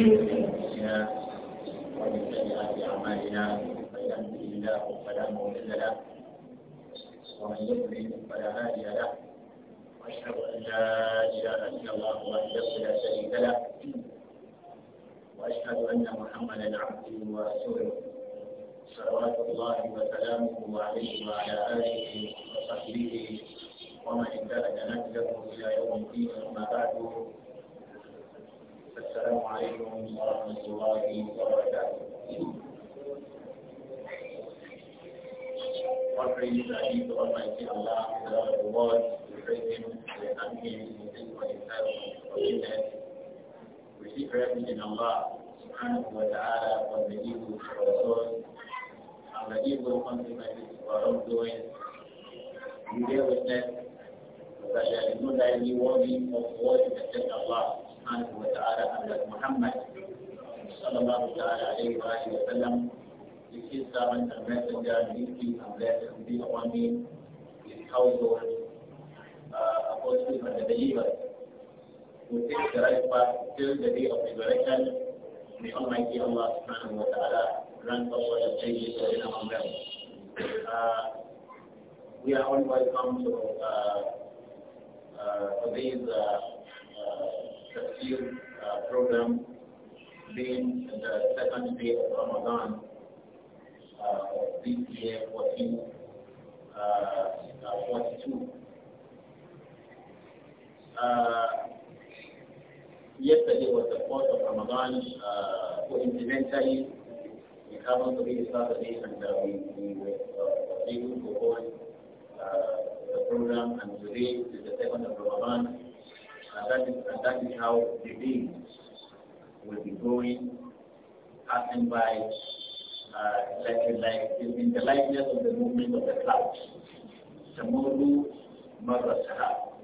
أنفسنا ومن سيئات أعمالنا من يهده الله فلا مضل له ومن يضلل فلا هادي له وأشهد أن لا إله إلا الله وحده لا شريك له وأشهد أن محمدا عبده ورسوله صلوات الله وسلامه عليه وعلى آله وصحبه ومن اهتدى نهجه إلى يوم الدين أما بعد السلام All praise is to Almighty Allah, the Lord of the world. We praise Him, we thank Him, we thank for His help We seek refuge in Allah, subhanahu wa ta'ala, from the evil of our souls and the evil consequences of our wrongdoing. We bear witness that there is no lively worthy of except Allah subhanahu wa ta'ala Hazrat Muhammad sallallahu ta'ala alayhi wa sallam is his servant and messenger, and and be upon his household, uh, apostles and the believers who take the right path till the day of resurrection. May Almighty Allah subhanahu wa ta'ala grant us all the changes Uh, we are all welcome to uh, uh, uh, uh, Tafsir uh, program being the second day of Ramadan uh, this year, 14, uh, uh, 42. Uh, yesterday was the 4th of Ramadan. Uh, coincidentally, we it happened to be the Saturday and uh, we, we were uh, able to hold uh, the program and today is the 2nd of Ramadan. And that is, and that is how the days will be going, passing by, uh, like, like in the likeness of the movement of the clouds. Tamuru Marasahab.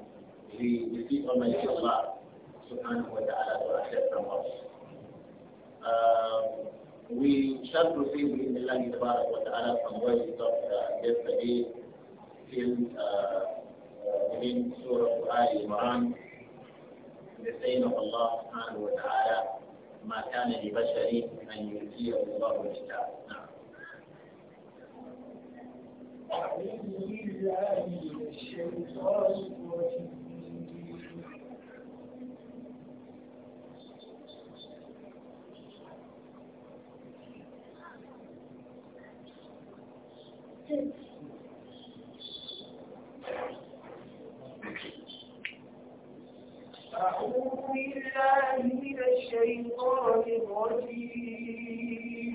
We defeat Almighty Allah subhanahu wa ta'ala to accept from us. Um, we shall proceed with the Lani Allah wa ta'ala from where we stopped uh, yesterday till uh, uh, in Surah Al-Imran. بينه الله سبحانه وتعالى ما كان لبشر أن يؤتيه الله الكتاب نعم من Thank you. الشيطان الرجيم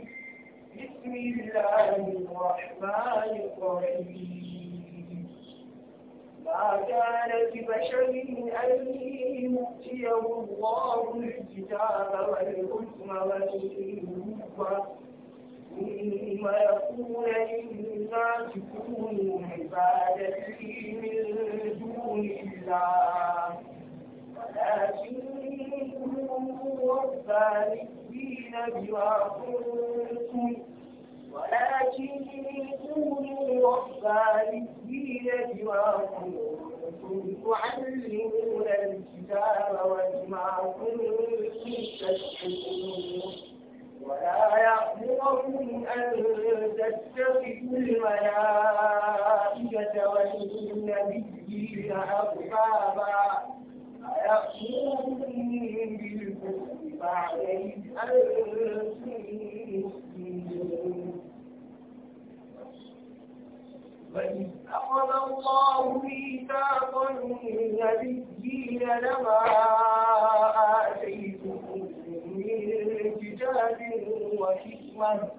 بسم الله الرحمن الرحيم ما كان لبشر أن يؤتيه الله الكتاب والحكم والنبوة ثم يقول للناس كونوا عبادتي من دون الله ولكن ربانيين بما كنتم ولكن كونوا ربانيين بما كنتم تعلمون الكتاب وبما كنتم تشركون ولا يأمركم أن تتخذوا الملائكة والنبيين أربابا أيأمركم بالكفر فعليه أنت مسلم وإذ أخذ الله ميثاق النبيين لما آتيتكم من كتاب وحكمة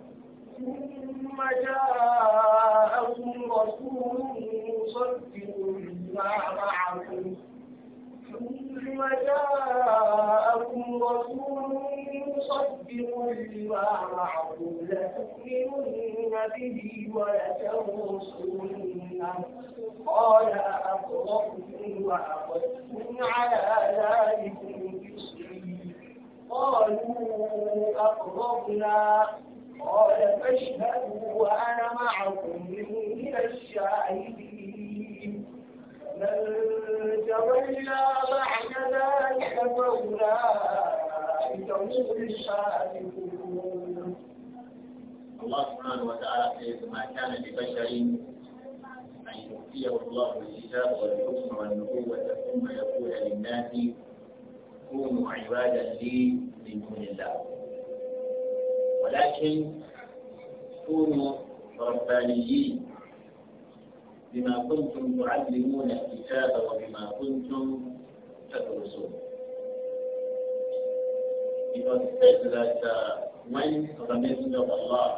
ثم جاءكم رسول مصدق ما معكم ثم جاءكم رسول مصدق لما معكم لتؤمنن به ولتنصرنه قال أقررتم وأخذتم على ذلكم إصري قالوا أقررنا قال فاشهدوا وأنا معكم من الشاهدين ومن تولى بعد ذلك فأولئك هم الشاركون الله سبحانه وتعالى يقول ما كان لبشر أن يؤتيه الله الكتاب والحكم والنبوة ثم يقول للناس كونوا عبادا لي من دون الله ولكن كونوا ربانيين بما كنتم تعلمون الكتاب وبما كنتم تدرسون. Because it says that uh, when the Messenger of Allah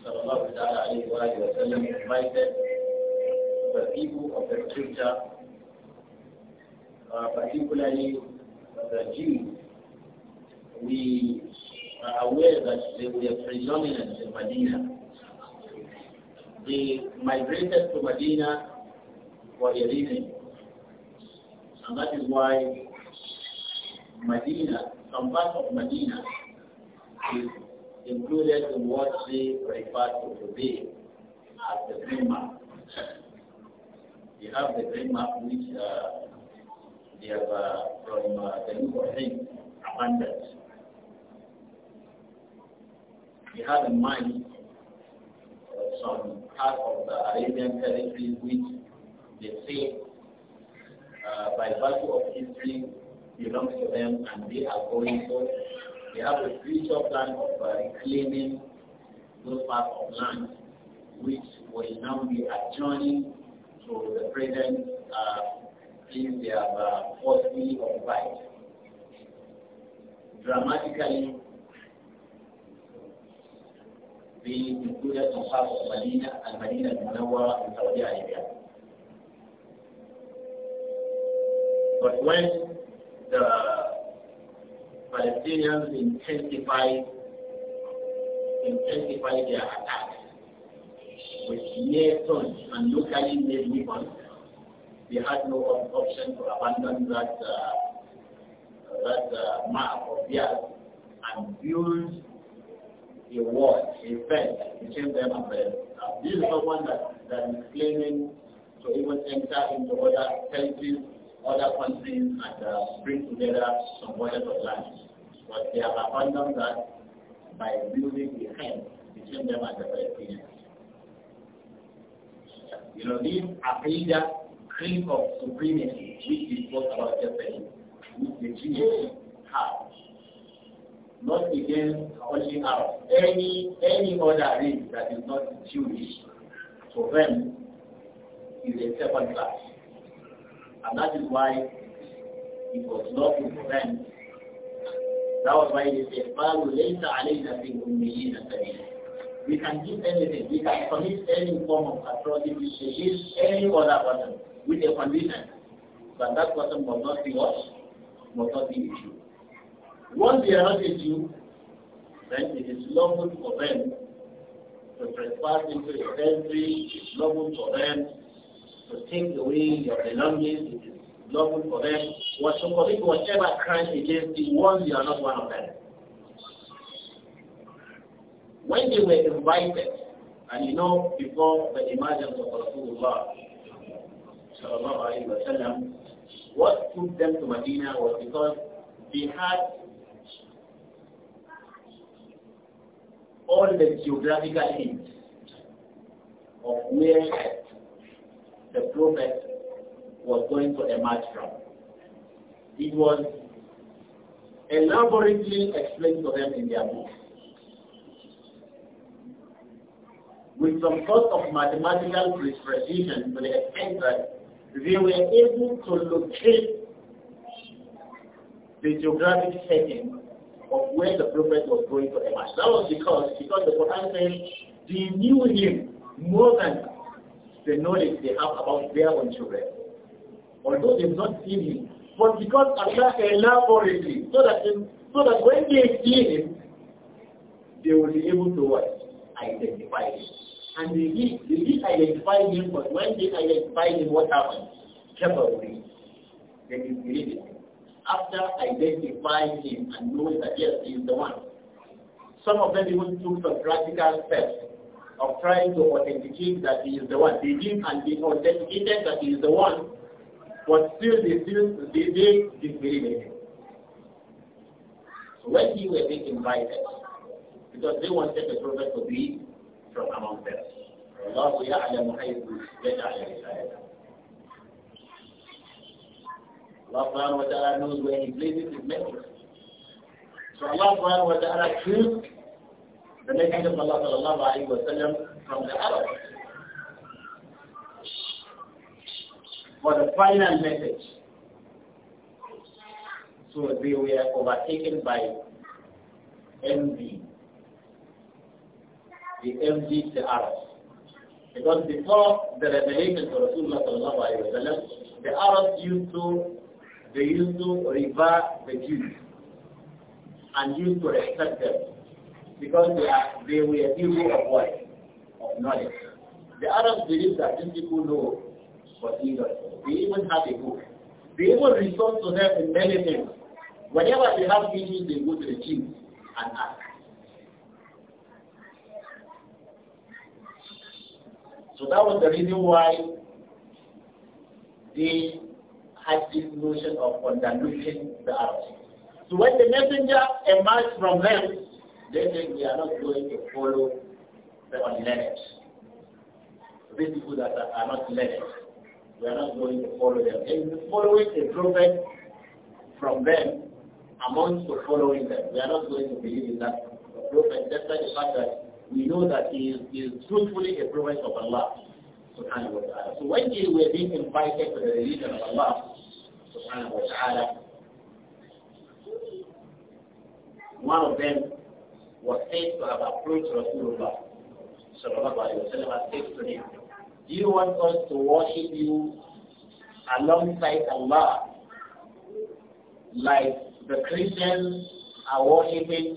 sallallahu alayhi wa invited the people of the scripture, uh, particularly the Jews, we are aware that they were predominant in Medina. they migrated to Medina for a reason. And that is why Medina, some part of Medina is included in what we refer to today as the Green Map. We have the Green Map which uh, they have uh, from uh, the New Orleans abandoned. We have in mind uh, some part of the Arabian territory which they say uh, by virtue of history belongs to them and they are going so they have a future plan of uh, reclaiming those parts of land which will now be adjoining to the present uh, they have uh, forcibly occupied. Dramatically, المدينة المدينة المنورة في But when the Palestinians intensified intensified their attacks with near tons and locally made weapons, they had no option to abandon that uh, that uh, map of theirs and build a war, a fight between them and them. Uh, this is someone that, that is claiming to even enter into other countries, other countries, and uh, bring together some wallet of land. But they have abandoned that by building a fence between them and the Palestinians. You know, this Aqidah creed of supremacy, which is what about the which the Jews have, not against washing out any any other race that is not Jewish. For them, is a second class, and that is why it was not for them. That was why they said, "Falu leisa alayna a ummiyin We can give anything. We can commit any form of atrocity against any other person with a condition but that person must not be us, must not be issue. Once they are not you, then it is lawful for them to trespass into your country, it is lawful for them to take away your belongings, it is lawful for them what to commit whatever crime against you once you are not one of them. When they were invited, and you know before the emergence of Rasulullah, sallallahu alayhi wa what took them to Medina was because they had all the geographical hints of where the prophet was going to emerge from. It was elaborately explained to them in their book. With some sort of mathematical precision to the extent that they were able to locate the geographic setting of where the prophet was going for Emmaus. That was because, because the Quran says they knew him more than the knowledge they have about their own children. Although they've not seen him. But because Allah elaborately, so that in, so that when they see him, they will be able to what? Identify him. And they did, they did identify him, but when they identified him, what happened? Jeopardy. They disbelieved after identifying him and knowing that yes, he is the one. Some of them even took some practical steps of trying to authenticate that he is the one. They did and they authenticated that he is the one, but still they still they, they disbelieve him. So when he was being invited, because they wanted the prophet to be from among them. Allah Allah subhanahu wa ta'ala knows where he places his message. So Allah subhanahu wa ta'ala chose the message of Allah sallallahu alayhi wa sallam from the Arabs for the final message. So they were overtaken by envy. They envied the Arabs. Because before the revelation of Rasulullah sallallahu alayhi wa sallam, the Arabs used to they used to revere the Jews and used to respect them because they, are, they were people of what? Of knowledge. The Arabs believe that these people know what he does. They even have a book. They even resort to them in many things. Whenever they have issues, they go to the Jews and ask. So that was the reason why they had this notion of underlooking the house. So when the messenger emerged from them, they said, we are not going to follow the unlearned. These people that are, are not learned, we are not going to follow them. They following a prophet from them amongst the following them. We are not going to believe in that prophet, despite the fact that we know that he is, he is truthfully a prophet of Allah. So when they were being invited to the religion of Allah, subhanahu wa One of them was said to have approached Rasulullah sallallahu alayhi wa sallam and said to him, Do you want us to worship you alongside Allah like the Christians are worshipping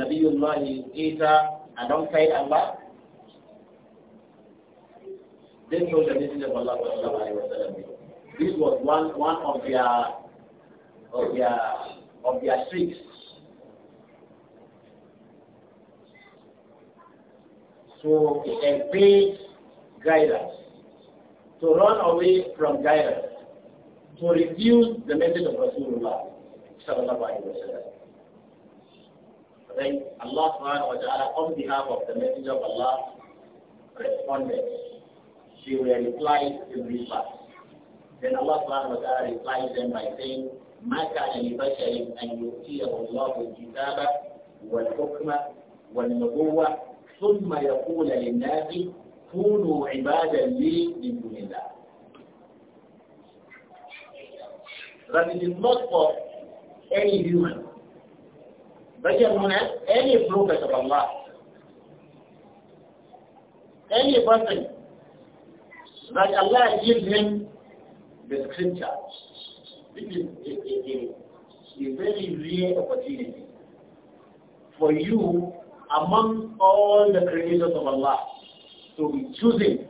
Nabiullah Isa alongside Allah? They told the Messenger of Allah sallallahu alayhi wa sallam this was one, one of their, of their, of their tricks. So it evades guidance, to run away from guidance, to refuse the message of Rasulullah sallallahu alayhi wa sallam. Allah subhanahu wa ta'ala on behalf of the Messenger of Allah responded. She will reply in this verse. Then Allah subhanahu wa ta'ala replies them by saying, ما كان لبشر أن يؤتيه الله الكتاب والحكم والنبوة ثم يقول للناس كونوا عبادا لي من دون الله. But it is not for any human. بشر هنا any prophet of Allah. Any person that Allah gives him the scripture. This is a, a, a, very rare opportunity for you among all the creators of Allah to be choosing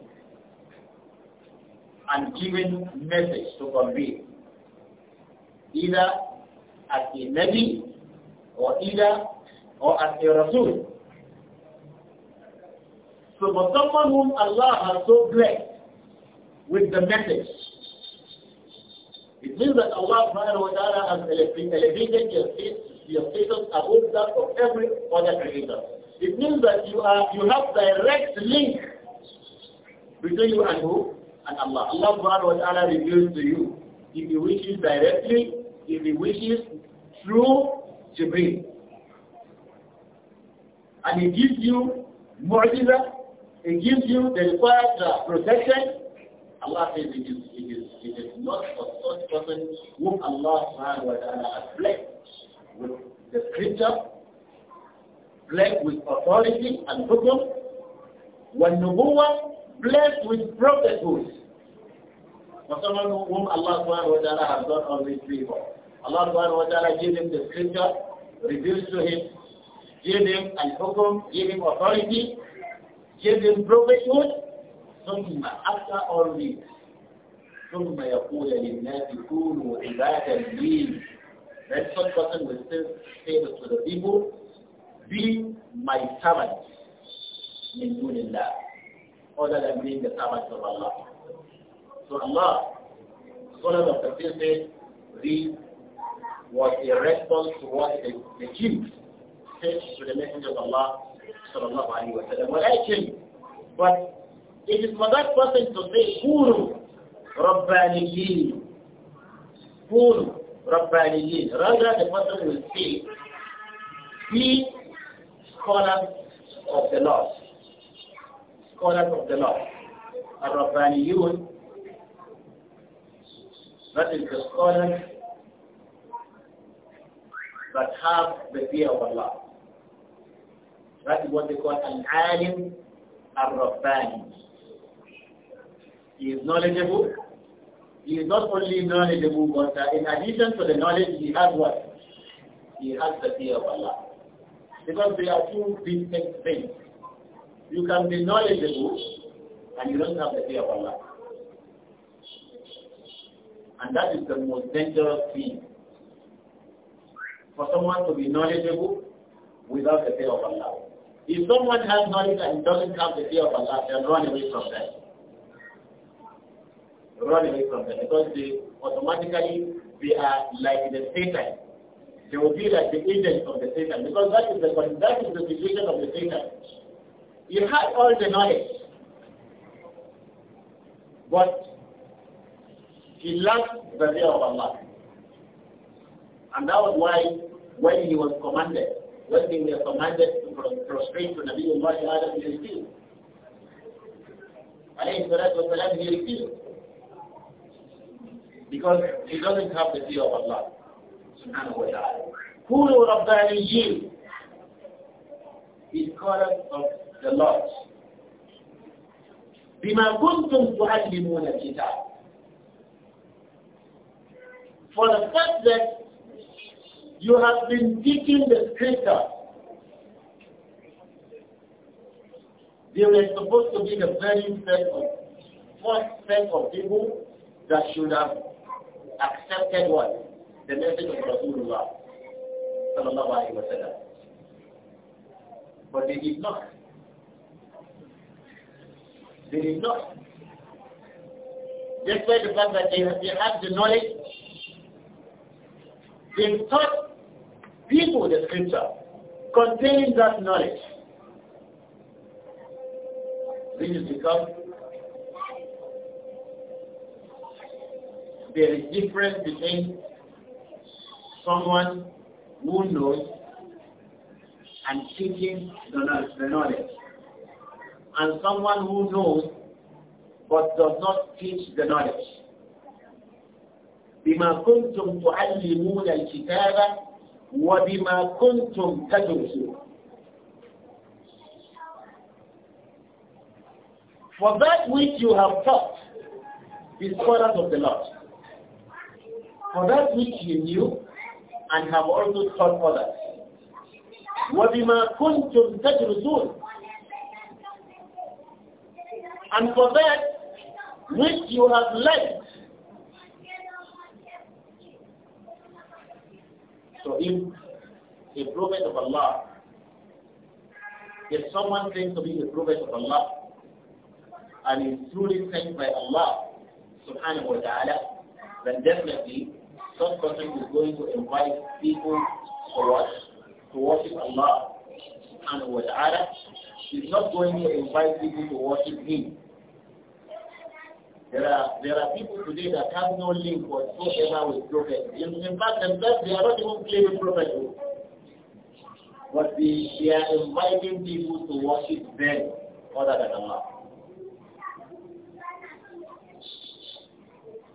and giving message to convey either as a Nabi or either or as a Rasul. So for someone whom Allah has so blessed with the message means that Allah subhanahu wa ta'ala has elevated your, your status above that of every other creator. It means that you are you have direct link between you and who? And Allah. Allah subhanahu wa ta'ala reveals to you. If he wishes directly, if he wishes through Jibreel. And he gives you mu'jiza, he gives you the required uh, protection. Allah says he gives you person whom Allah subhanahu wa ta'ala has blessed with the scripture, blessed with authority and hukum, والنبوة blessed with prophethood. For someone whom Allah subhanahu wa ta'ala has done all these three for. Allah subhanahu wa ta'ala gave him the scripture, reveals to him, gave him al-hukum, gave him authority, gave him prophethood, ثم after all these, ثم يقول للناس كونوا عبادا لي then such person will still say to the people be my servant من دون الله other than being the servant of Allah so Allah scholars of the faith this was a response to what the, the Jews said to the Messenger of Allah sallallahu alayhi wa sallam when I but it is for that person to say guru Rabbaniyin. Full Rabbaniyin. Rather the person will say, scholars of the law. Scholars of the law. Rabbaniyun, that is the scholars that have the fear of Allah. That is what they call an alim al-Rabbani. He is knowledgeable he is not only knowledgeable, but uh, in addition to the knowledge, he has what? He has the fear of Allah. Because they are two distinct things. You can be knowledgeable, and you don't have the fear of Allah. And that is the most dangerous thing. For someone to be knowledgeable without the fear of Allah. If someone has knowledge and doesn't have the fear of Allah, they'll run away from that run away from them because they automatically they are like the Satan. They will be like the agent of the Satan because that is the that is the situation of the Satan. You had all the knowledge, but he lacked the fear of Allah, and that was why when he was commanded, when he was commanded to prostrate to Nabi Muhammad, he refused. Alayhi salatu wasalam, he refused because he doesn't have the fear of Allah subhanahu wa ta'ala. Kulu Rabbaniyin is called of the Lord. بما كنتم تعلمون الكتاب For the fact that you have been teaching the scripture, they were supposed to be the very first, first set of people that should have accepted what? The message of Rasulullah sallallahu alaihi wasallam. But they did not. They did not. Despite the fact that they, they had the knowledge, they taught people the scripture containing that knowledge. This is because there is difference between someone who knows and teaching the knowledge, and someone who knows but does not teach the knowledge. بما كنتم تعلمون الكتاب وبما كنتم تدرسون For that which you have taught is part of the Lord for that which you knew and have also taught others. وَبِمَا كُنْتُمْ result? And for that which you have learnt. So if a prophet of Allah, if someone claims to be a prophet of Allah and is truly sent by Allah subhanahu wa ta'ala, then definitely such is going to invite people to watch To worship Allah and wa ta'ala. He's not going to invite people to worship him. There are there are people today that have no link whatsoever with prophet. In, in fact themselves they are not even claiming prophethood. But they, they are inviting people to worship them other than Allah.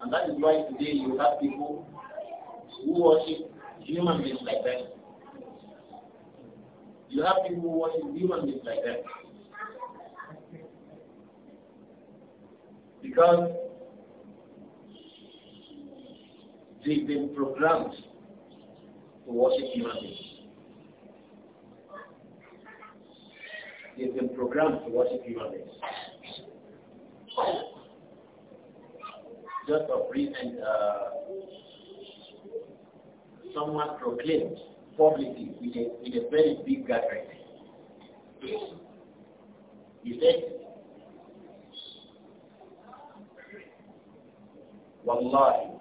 And that is why today you have people who worship human beings like that. You have people who worship human beings like that. Because they've been programmed to worship human beings. They've been programmed to worship human beings. Just a recent uh, someone proclaimed publicly in a, in a very big gathering. He said, Wallahi,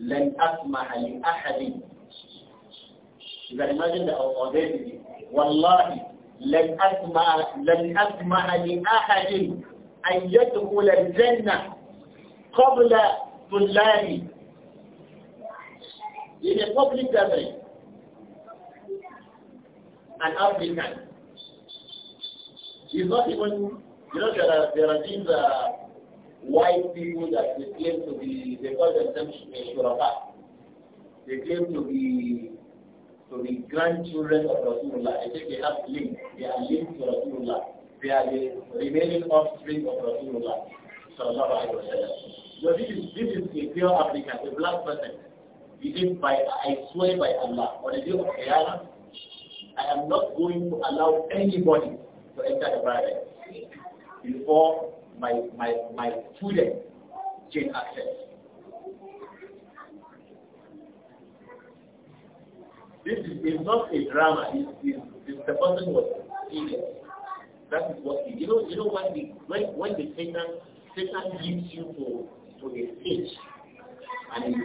لن أسمح لأحد You can imagine the audacity. والله لن أسمع لن أسمع لأحد أن يدخل الجنة قبل Tulani in a public gathering, an African. He's not even, you know, there are, there are these uh, white people that they claim to be, they call themselves Shuraba. They claim to be to the grandchildren of Rasulullah. I think they have links. They are linked to Rasulullah. They are the remaining offspring of Rasulullah. Sallallahu Alaihi that. So this is, this is a pure African, a black person. He said, by, I swear by Allah, on the day of Qiyamah, I am not going to allow anybody to enter the paradise before my, my, my student gain access. This is, is not a drama. It's, it's, it's the person was serious. That is what he, you know, you know when the, when, when the Satan, Satan gives you for to his speech and and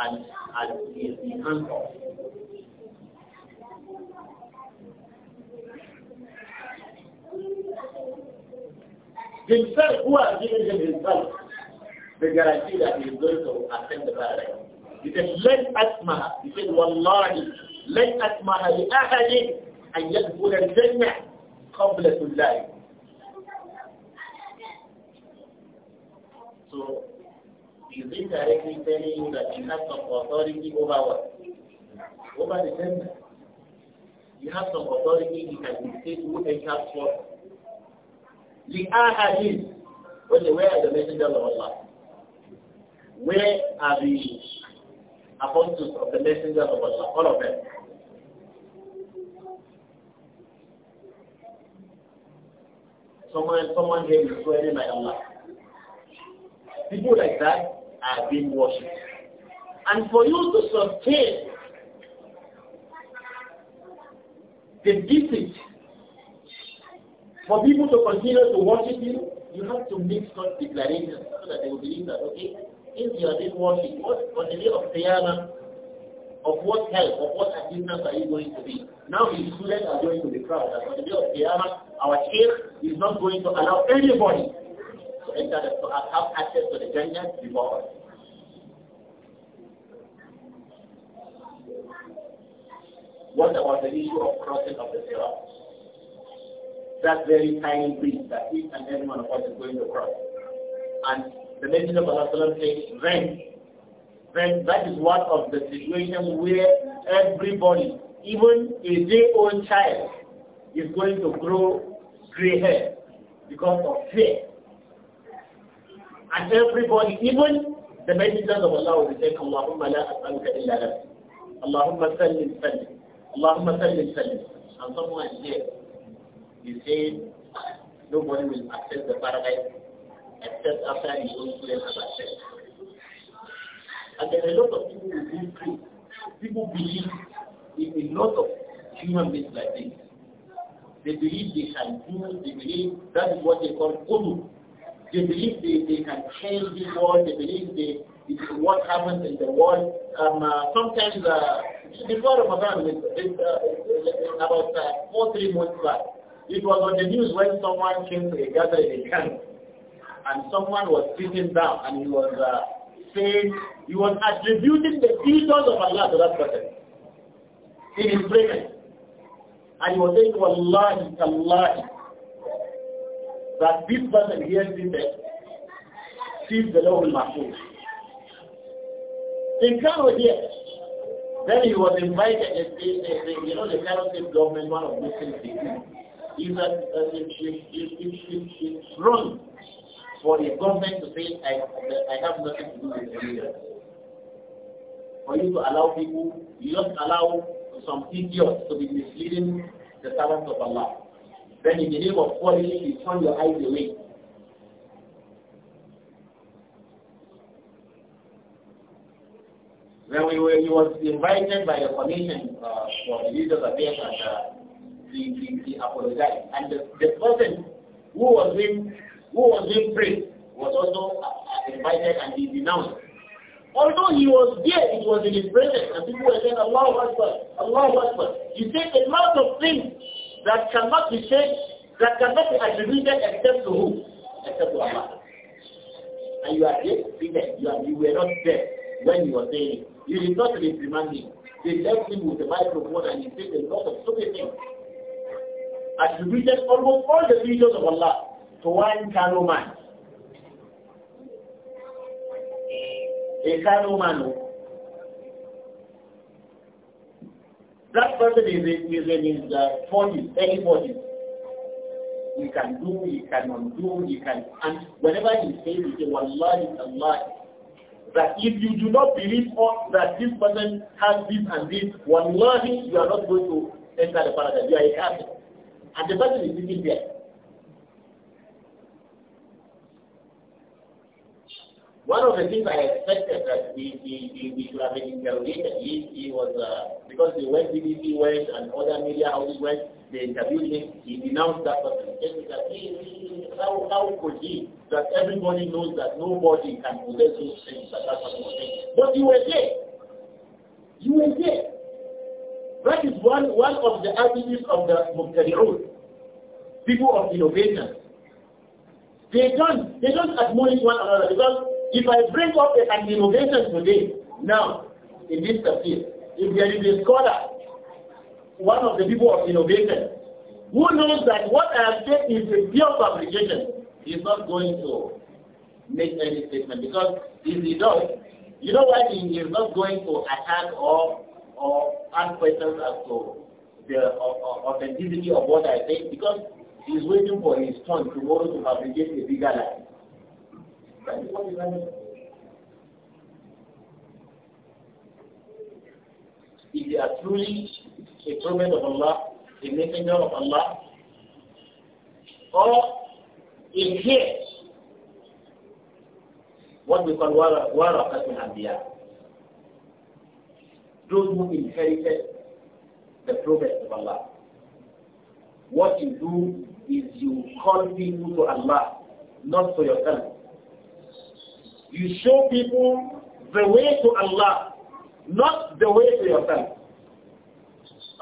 and and his ankle. Himself, who has given him himself, the guarantee that he is going to attend the paradise. He said, let asma, he said, wallahi, let asma li ahadin let yadkhul al-jannah qabla life. So is directly telling you that you have some authority over what? Over the gender. You have some authority, you can dictate who enters what. The Ahadis when they were the messenger of Allah, where are the apostles of the messenger of Allah? All of them. Someone, someone here is swearing by Allah people like that are being worshipped. And for you to sustain the deficit, for people to continue to worship you, you have to make such declarations so that they will believe that, okay, if you are being worshipped, what on the day of Qiyamah, of what help, of what assistance are you going to be? Now the students are going to be proud that on the day of Qiyamah, our Sheikh is not going to allow anybody enter the, have access to the Jannah before us. What about the issue of crossing of the Sirah? That very tiny bridge that each and every one of us is going to cross. And the Messenger of Allah says, rent. Rent, that is one of the situations where everybody, even a day-old child, is going to grow gray hair because of fear and everybody, even the messengers of Allah will be saying, Allahumma la as'aluka illa nafsi. Allahumma sallim sallim. Allahumma sallim sallim. And someone here is saying, nobody will accept the paradise except after his own soul has accessed. And there are a lot of people who believe. People believe in a lot of human beings like this. They believe they can do, they believe that is what they call Ulu. They believe they, they can change the world. They believe they, what happens in the world. Um, uh, sometimes uh, before Ramadan, it's, it's, uh, about uh, four, three months back, it was on the news when someone came to a gathering in camp, and someone was sitting down and he was uh, saying, he was attributing the features of Allah to that person in his prayer. And he was saying, Wallahi, Allah." that this person hears this text, sees the law al-mahfuz. In Kano here, then he was invited, as the, you know, the Kano state government, one of Muslim people, is that uh, it, it, it, it, it's wrong for the government to say, I, I have nothing to do with religion. For you to allow people, you don't allow some idiots to be misleading the servants of Allah. Then in the name of quarreling, you turn your eyes away. When we were, he was invited by the commission uh, for the leaders of affairs uh, he, he, he, apologized. And the, the person who was being who was in prison was also uh, invited and he denounced. Although he was there, it was in his presence, and people were saying, Allah Akbar, Allah Akbar. He said a lot of things that cannot be changed, that cannot be attributed except to who? Except to Allah. And you are there, you, are, you were not there when you were saying it. You did not reprimand him. They left him with the microphone and he said a lot of stupid things. Attributed almost all the features of Allah to one carnal man. A carnal man oh. that person is a, is in his uh, 40s, early 40s. He can do, he can undo, he can, and whenever he says, he says, a lie. that if you do not believe or that this person has this and this, one Wallahi, you are not going to enter the paradise. You are a kafir. And the person is sitting there. One of the things I expected that we, we, we should have been interrogated is he was, uh, because the West BBC went and other media houses went, they interviewed him, he denounced that person. That he, how, how could he, that everybody knows that nobody can possess those things that that person was saying. But you were there. You were there. That is one, one of the attributes of the rule. people of innovation. They don't, they don't admonish one another because if I bring up an innovation today, now, in this field, if there is a scholar, one of the people of innovation, who knows that what I have said is a pure fabrication, he's not going to make any statement because if he does, you know why he is not going to attack or or ask questions as to the authenticity of what I say because he's waiting for his turn tomorrow to fabricate a bigger lie. If they are truly a prophet of Allah, a messenger of Allah, or if here, what we call wara wara Anbiya, those who inherited the prophet of Allah. What you do is you call people to Allah, not for yourself. You show people the way to Allah, not the way to yourself.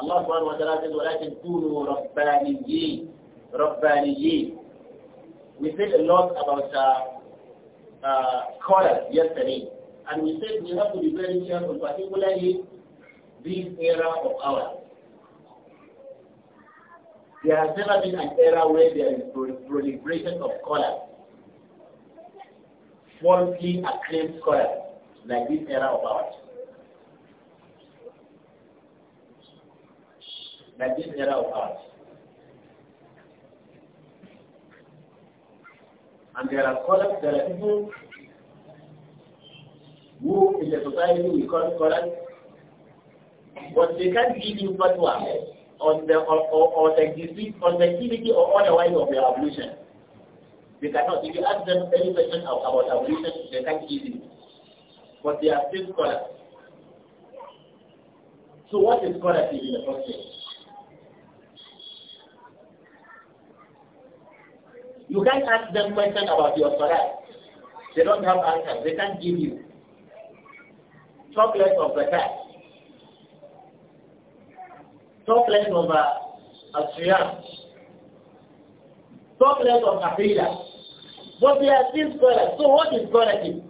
الله سبحانه says, ولكن كونوا ربانيين ربانيين We said a lot about uh, uh, color yesterday, and we said we have to be very careful, particularly this era of ours. There has never been an era where there is proliferation of color falsely acclaimed scholars like this era of ours. Like this era of ours. And there are scholars, there are people who in the society we call scholars, but they can't give you fatwa on the or, or, or the disease, on the activity or otherwise of the evolution. They cannot. If you ask them any question about abolition, they can't give you. But they are still scholars. So what is scholarship in the first place? You can't ask them questions about your salah. They don't have answers. They can't give you. Talk less of the time. Talk less of the uh, Ashriyam. Talk less of Aqidah. But we are still scholars. So what is scholarship?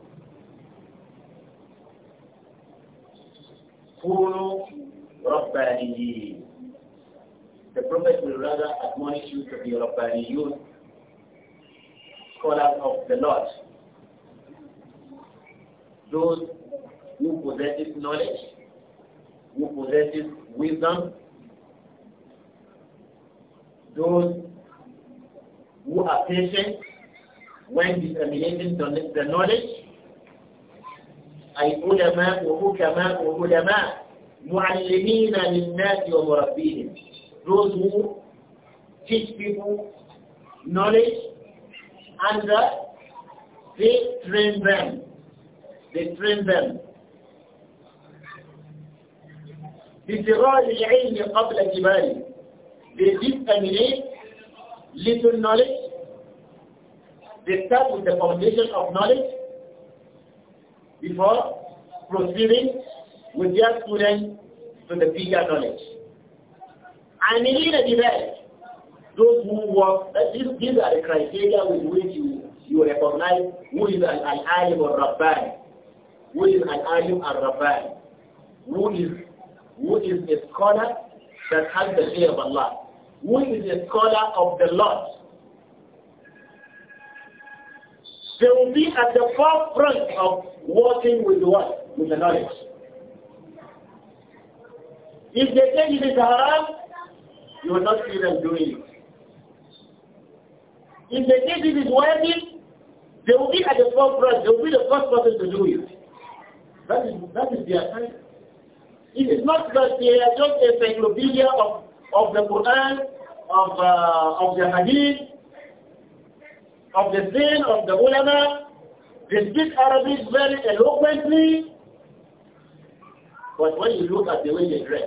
Follow prosperity. The Prophet will rather admonish you to be Rabbaniyun, scholars of the Lord. Those who possess knowledge, who possess wisdom, those who are patient, when disseminating the knowledge أي علماء وحكماء وعلماء معلمين للناس ومربيهم those who teach people knowledge and uh, they train them they train them بصغار العلم قبل كباره they disseminate little knowledge they start with the foundation of knowledge before proceeding with their students to the bigger knowledge. And in the rest, those who work, these, these are the criteria with which you, you recognize who is an alim or rabbi, who is an alim or rabbi, who is, who is a scholar that has the fear of Allah, who is a scholar of the Lord, They will be at the forefront of working with what? With the knowledge. If they say it is haram, you will not see them doing it. If they say it is worthy, they will be at the forefront. They will be the first person to do it. That is, that is their time. It is not that they are just a encyclopedia of, of the Quran, of, uh, of the Hadith, of the sin of the ulama. They speak Arabic very eloquently. But when you look at the way they dress,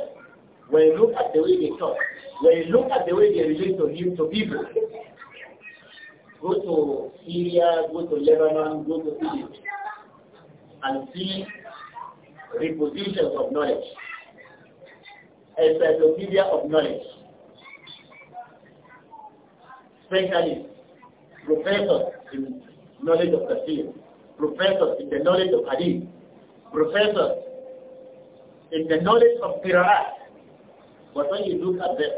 when you look at the way they talk, when you look at the way they relate to, him to people, go to Syria, go to Lebanon, go to Egypt, and see repositions of knowledge, encyclopedia of knowledge, specialists, professors in knowledge of tafsir, professors in the knowledge of hadith, professors in the knowledge of qira'at. But when you look at them,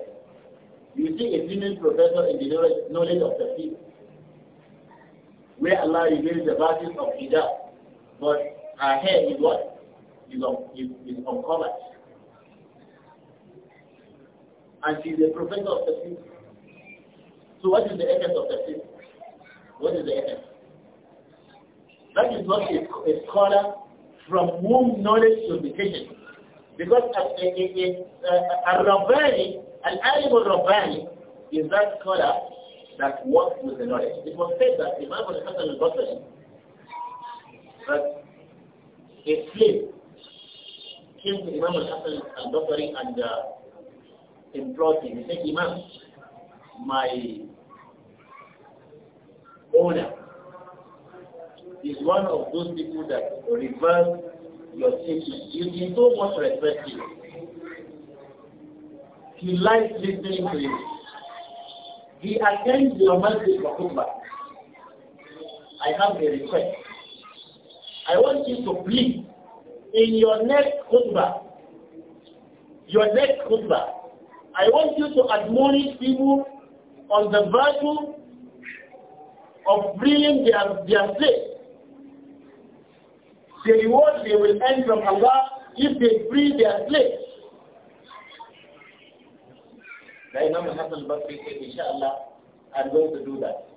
you see a female professor in the knowledge of tafsir, where Allah reveals the values of hijab, but her hair is what? Is, is, is uncovered. And she's a professor of tafsir. So what is the essence of tafsir? What is the end? That is not a, a scholar from whom knowledge should be taken. Because a rabbani an animal al-Rabbani is that scholar that works with the knowledge. It was said that Imam al-Hassan al-Basri, but a slave came to Imam al-Hassan al-Basri and uh, implored him. He said, Imam, my owner is one of those people that reverse your thinking. You, is so not want respect him. He likes listening to you. He attends your message for I have a request. I want you to please, in your next khutbah, your next khutbah, I want you to admonish people on the virtue of freeing their, their slave. The reward they will earn from Allah if they free their slaves. The Imam Hassan but basri said, Inshallah, I'm going to do that.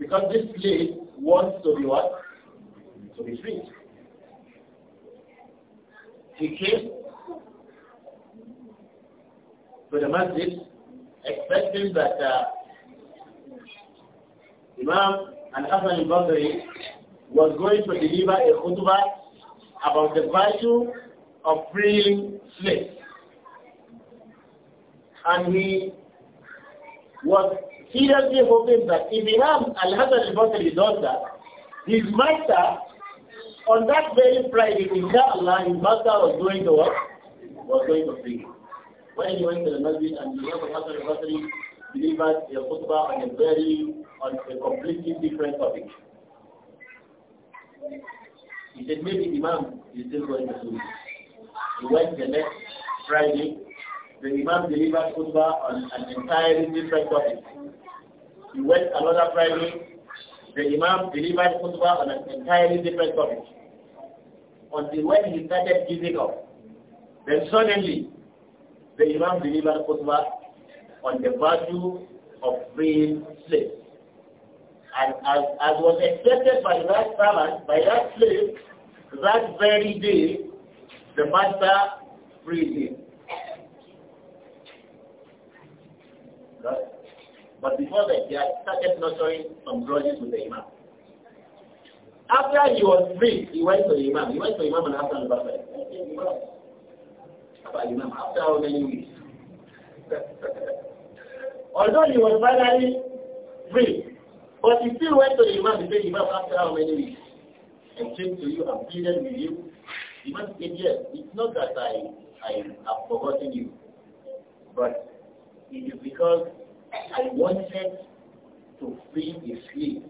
Because this slave wants to be what? To be free. He came to the masjid expecting that uh, Imam Al-Hassan al-Basri was going to deliver a khutbah about the virtue of freeing slaves. And he was seriously hoping that if Imam Al-Hassan al-Basri does that, his master, on that very Friday, inshallah, his master was going to work, was going to free When he went to the masjid and Imam Al-Hassan al-Basri delivered a khutbah on a very on a completely different topic. He said, maybe the Imam is still going to it." He went the next Friday. The Imam delivered khutbah on an entirely different topic. He went another Friday. The Imam delivered khutbah on an entirely different topic. Until when he started giving up. Then suddenly, the Imam delivered khutbah on the value of freeing slaves. And as, as was expected by that servant, by that slave, that very day, the master freed him. But before that, he had started nurturing some grudges with the imam. After he was freed, he went to the imam. He went to the imam and asked him about that. After imam, after how many weeks? Although he was finally freed. But he still went to the Imam and said, Imam, after how many weeks? I came to you and pleaded with you. The Imam said, yes, it's not that I, I have forgotten you, but it is because I wanted to free this slave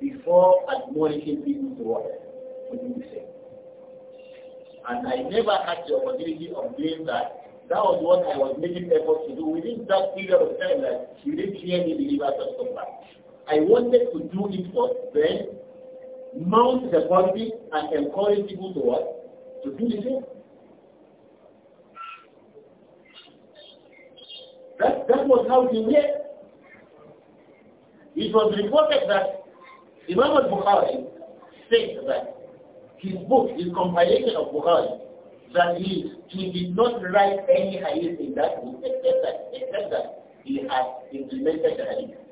before admonishing people to what to do the And I never had the opportunity of doing that. That was what I was making efforts to do within that period of time that you didn't hear any deliver or somebody. I wanted to do it for then, mount the quality and encourage people to what? To do the same. That, that was how he did. It was reported that Imam al-Bukhari said that his book, his compilation of Bukhari, that he, he did not write any hadith in that book, except that, except that he had implemented the hadith.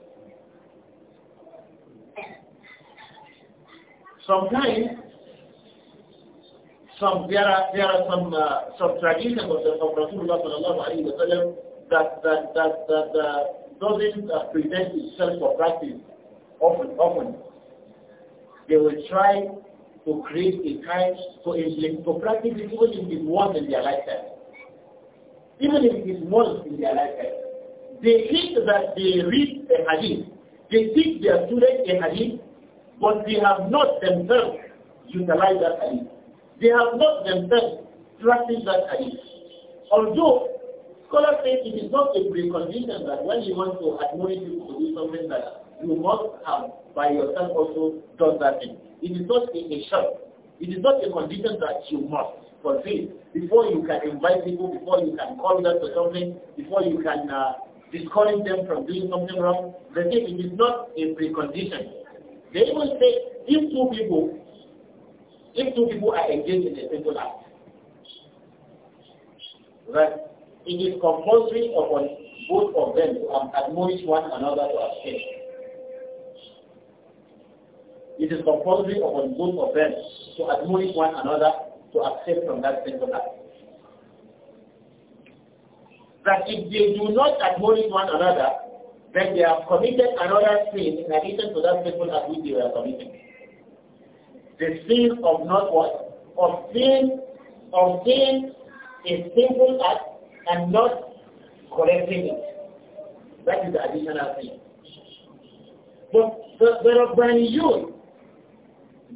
Sometimes, some there are there are some uh, some traditions of, the, of Rasulullah sallallahu alaihi wasallam that that that that uh, doesn't uh, present itself for practice often often. They will try to create a kind to implement to practice it even if it's was in their lifetime. Even if it's was in their lifetime. They think that they read a hadith. They teach their students a hadith but they have not themselves utilized that hadith. They have not themselves practiced that hadith. Although scholars say it is not a precondition that when you want to admonish people to do something that you must have by yourself also done that thing. It is not a, a It is not a condition that you must fulfill before you can invite people, before you can call them to something, before you can uh, discourage them from doing something wrong. The thing it is not a precondition. They will say, if two people, if two people are engaged in a sinful act, right, it is compulsory upon both of them to admonish one another to abstain. It is compulsory upon both of them to admonish one another to abstain from that sinful act. That if they do not admonish one another, that they have committed another sin in addition to that sinful act which they were committing. The sin of not what? Of sin, of sin is sinful act and not correcting it. That is the additional sin. But the, the you,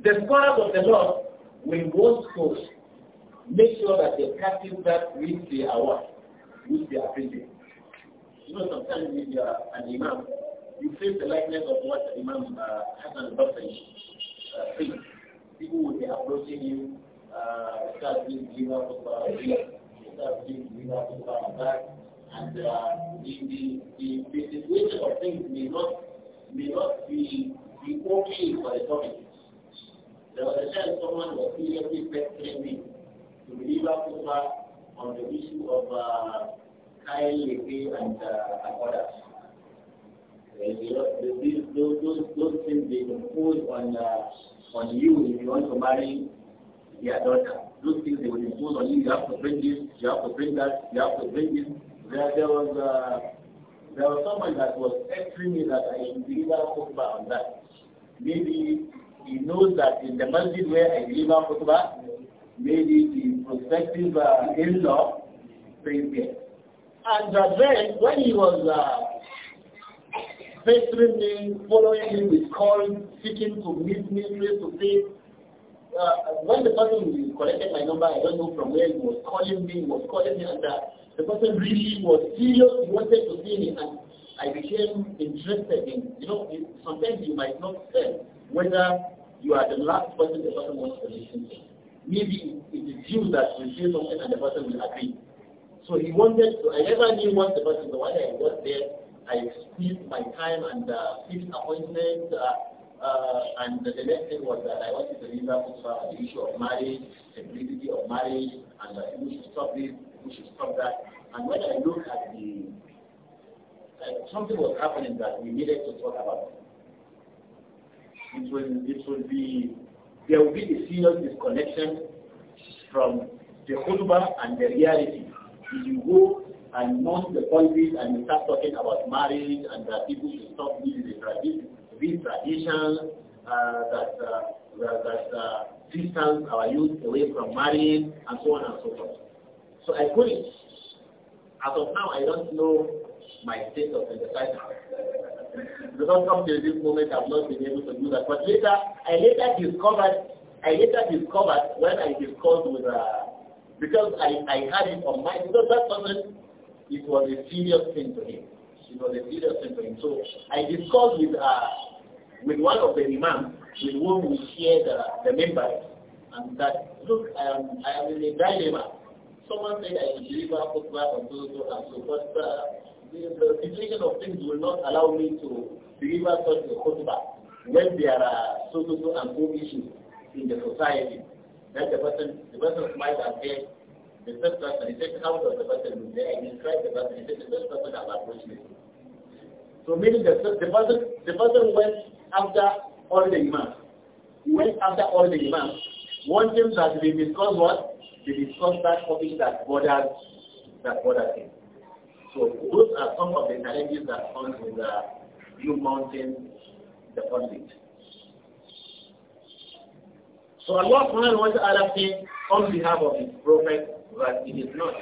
the scholars of the Lord, will go to make sure that they practice that which they are what? Which they are preaching. You know, sometimes if you are an imam, you face the likeness of what Imam uh, Hassan al-Basri uh, People will be approaching you, uh, start being given up about uh, here, start being given up uh, about that, and uh, the, the, the, the situation of things may not, may not be, be okay for the topic. There was a time someone was seriously pestering me to deliver over uh, on the issue of uh, Style, pay and uh, others. Those, those, those things they impose on uh, on you if you want to marry your daughter. Those things they would impose on you. You have to bring this, you have to bring that, you have to bring this. There, there was uh, there was someone that was telling me that I should deliver khutbah on that. Maybe he knows that in the masjid where I deliver khutbah, maybe the prospective uh, in-law prays there. And uh, then when he was uh, me, following me with calls, seeking to meet me face to face, uh, when the person collected my number, I don't know from where he was calling me, was calling me and that. Uh, the person really was serious, he wanted to see me and I became interested in, you know, it, sometimes you might not tell whether you are the last person the person wants to listen to. Maybe it is you that will say something and the person will agree. So he wanted to, I never knew much the him, but when I got there, I spent my time and uh, fixed appointments. Uh, uh, and the next thing was that I wanted to leave Khutbah on the uh, issue of marriage, simplicity of marriage, and uh, who should stop this, who should stop that. And when I look at the, uh, something was happening that we needed to talk about. It will, it will be, there will be a serious disconnection from the khutbah and the reality you go and mount the policies, and you start talking about marriage and that people should stop this is a tradition, uh, that, uh, that uh, distance our youth away from marrying and so on and so forth. So I put it. As of now, I don't know my state of exercise. because up to this moment, I've not been able to do that. But later, I later discovered, I later discovered when I discussed with uh, because I, I had it on my, because that person, it was a serious thing to him. It was a serious thing to him. So I discussed with, uh, with one of the imams, with whom we share the, the members, and that, look, I am, I am in a dilemma. Someone said I should deliver a photograph and so, so, and so, but uh, the, the situation of things will not allow me to deliver such a photograph when there are so, so, so, and so issues in the society. Then the person, the person smiles and says, the first person, he takes "How does the person who's there and he strikes the person, he says, the first person has approached me. So meaning the, the person, the person went after all the imams. He went after all the imams, wanting that they discuss was, They discuss that topic that bothers, that bothers him. So those are some of the challenges that come with the uh, new Mountain, the conflict. So Allah subhanahu wa ta'ala says on behalf of his prophet that it is not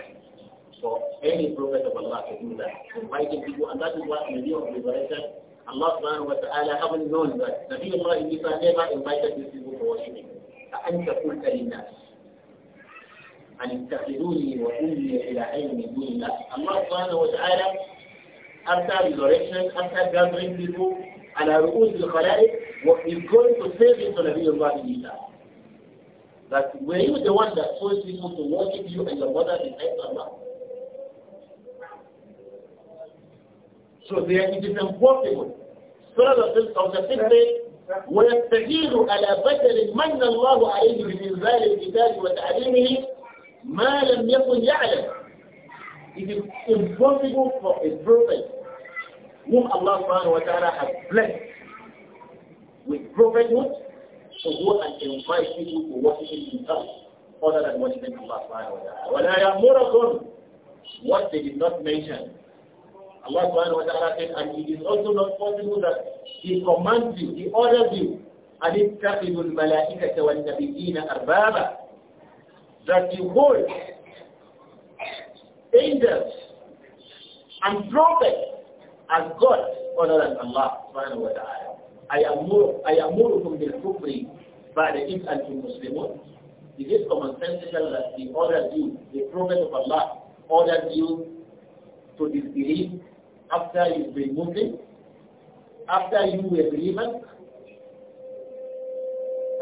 for any prophet of Allah to do that. Inviting people, and that is what in the view of liberation, Allah subhanahu wa ta'ala haven't known that Nabi Allah Isa never invited these people to worship him. فأنت قلت للناس أن اتخذوني وأمي إلهين من دون الله. Allah subhanahu wa ta'ala after resurrection, after gathering people على رؤوس الخلائق is going to say this to Nabi Allah Isa that were you the one that told people to worship you and your mother denied Allah? So there it is impossible. Surah of the fifth day, ويستجير على بدل من الله عليه بإنزال الكتاب وتعليمه ما لم يكن يعلم. It is impossible for a prophet whom Allah subhanahu wa has blessed with prophethood to go and invite people to worshiping himself other than worshiping Allah subhanahu wa ta'ala. وَلَا What they did not mention. Allah subhanahu wa ta'ala said, and it is also not possible that He commands you, He orders you, and أَنِ اتَّخِذُوا الْمَلَائِكَةَ وَالنَّبِيِّينَ أَرْبَابًا That you hold angels and prophets as God other than Allah subhanahu wa ta'ala. أيأمركم بالكفر بعد إذ أنتم مسلمون It is common sense that the order you, the Prophet of Allah, ordered you to disbelieve after you've been Muslim, after you were believers,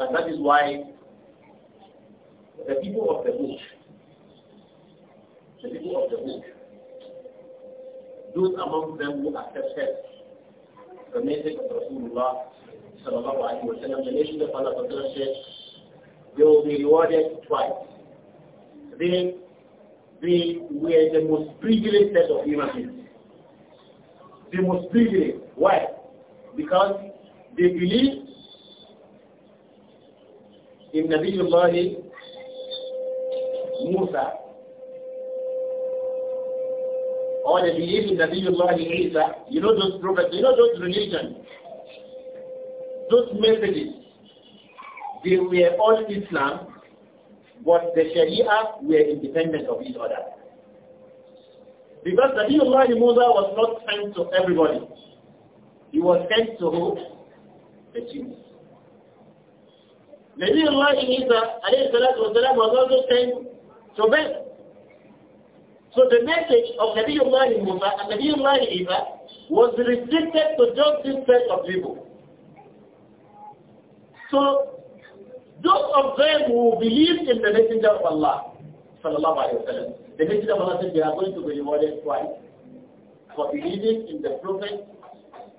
and that is why the people of the book, the people of the book, those among them who accept help permitted of Rasulullah sallallahu alayhi wa sallam, the nation of Allah says, they will be rewarded twice. They, they were the most privileged set of human beings. The most privileged. Why? Because they believe in Nabi Allah Musa or they believe in Nabiullah Isa, you know those prophets, you know those religions, those messages, they were all Islam, but the Sharia were independent of each other. Because the Nabiullah Musa was not sent to everybody. He was sent to who? The Jews. Nabiullah Isa, alayhi salatu was also sent to them. So the message of Nabiullah Musa and Nabiullah Isa was restricted to just this set of people. So those of them who believed in the messenger of Allah, sallallahu alayhi wa sallam, the messenger of Allah said they are going to be rewarded twice for believing in the prophet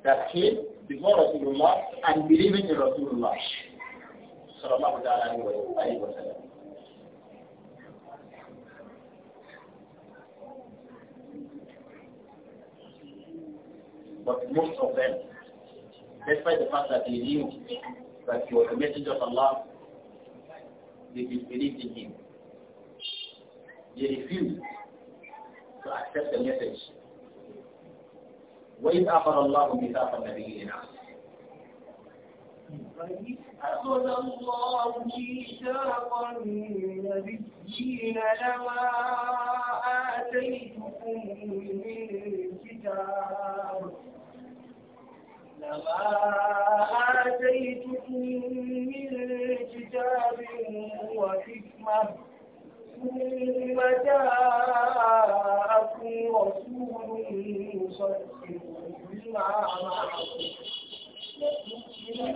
that came before Rasulullah and believing in Rasulullah. Sallallahu alayhi wa sallam. But most of them, despite the fact that they knew that he was the messenger of Allah, they disbelieved in him. They refused to accept the message. وإذ أخذ الله ميثاق النبيين وإذ أخذ الله ميثاق النبيين لما آتيتكم من كتاب ما آتيتكم من كتاب وحكمة ثم رسول مصدق لما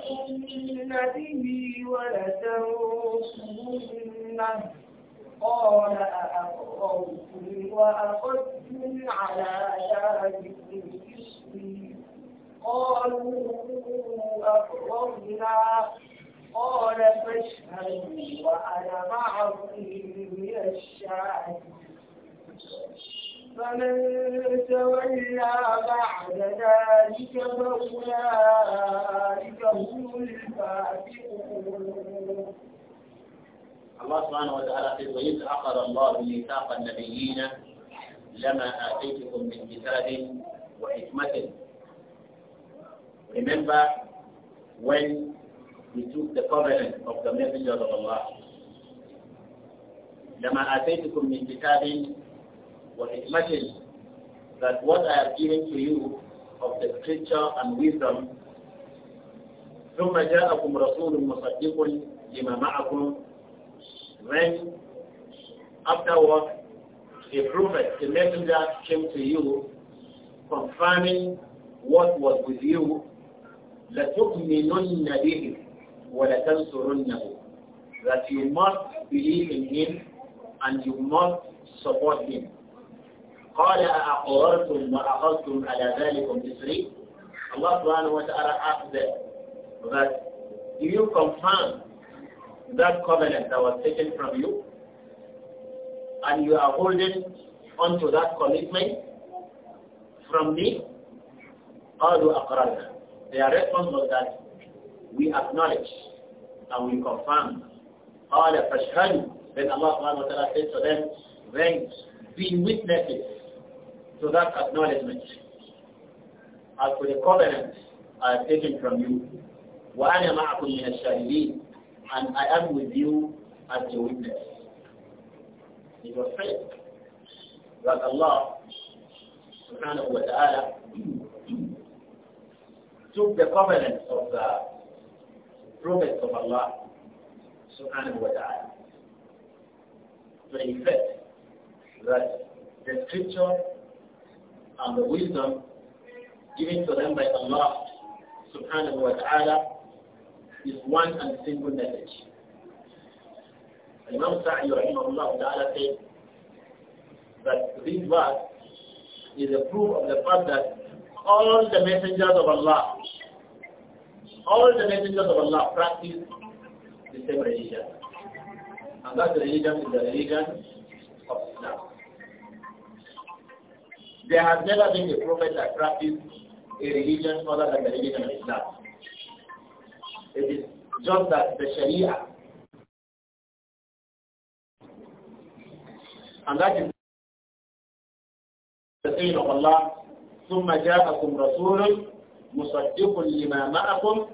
معكم به ولتنصرنه قال أأقررتم وأخذتم على ذلكم قالوا أخرجنا قال فاشهدوا وأنا معكم من الشاهدين فمن تولى بعد ذلك فأولئك هم الفاسقون الله سبحانه وتعالى في وإذ أخذ الله ميثاق النبيين لما آتيتكم من كتاب وحكمة Remember when we took the covenant of the Messenger of Allah. لما آتيتكم من كتاب وحكمة that what I have given to you of the scripture and wisdom ثم جاءكم رسول مصدق لما معكم when a prophet, a messenger came to you confirming what was with you لَتُؤْمِنُنَّ بِهِ وَلَتَنْصُرُنَّهُ That you must believe in him and you must support him. قال أأقررتم وأخذتم على ذَلِكَ إسري Allah subhanahu wa ta'ala asked them that do you confirm that covenant that was taken from you and you are holding on to that commitment from me? قالوا أقررنا their response was that we acknowledge and we confirm. all the Then Allah subhanahu wa ta'ala said to them, then be witnesses to that acknowledgement. As for the covenant I have taken from you, وَأَنَا مَعَكُمْ مِنَ الشَّاهِدِينَ And I am with you as a witness. It was said that Allah subhanahu wa ta'ala took the covenant of the prophets of Allah subhanahu wa ta'ala. To effect that the scripture and the wisdom given to them by Allah subhanahu wa ta'ala is one and single message. Imam Sa'di rahimahullah ta'ala said that this verse is a proof of the fact that all the messengers of Allah all the messengers of Allah practice the same religion. And that religion is the religion of Islam. There has never been a prophet that practiced a religion other than the religion of Islam. It is just that the Sharia. And that is the saying of Allah, ثم جاءكم رسول مصدق لما معكم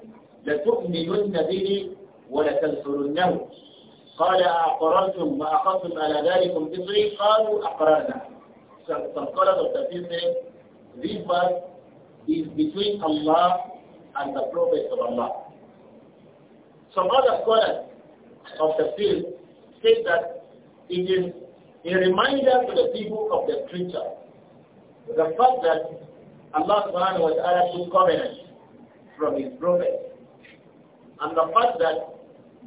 لتؤمنن به ولتنصرنه قال أقررتم وأخذتم على ذلك بصري قالوا أقررنا فانقلب التفسير this verse is between Allah and the Prophet of Allah. Some other scholars of the field say that it is a reminder to the people of the scripture the fact that Allah subhanahu wa ta'ala to covenant from his prophet. And the fact that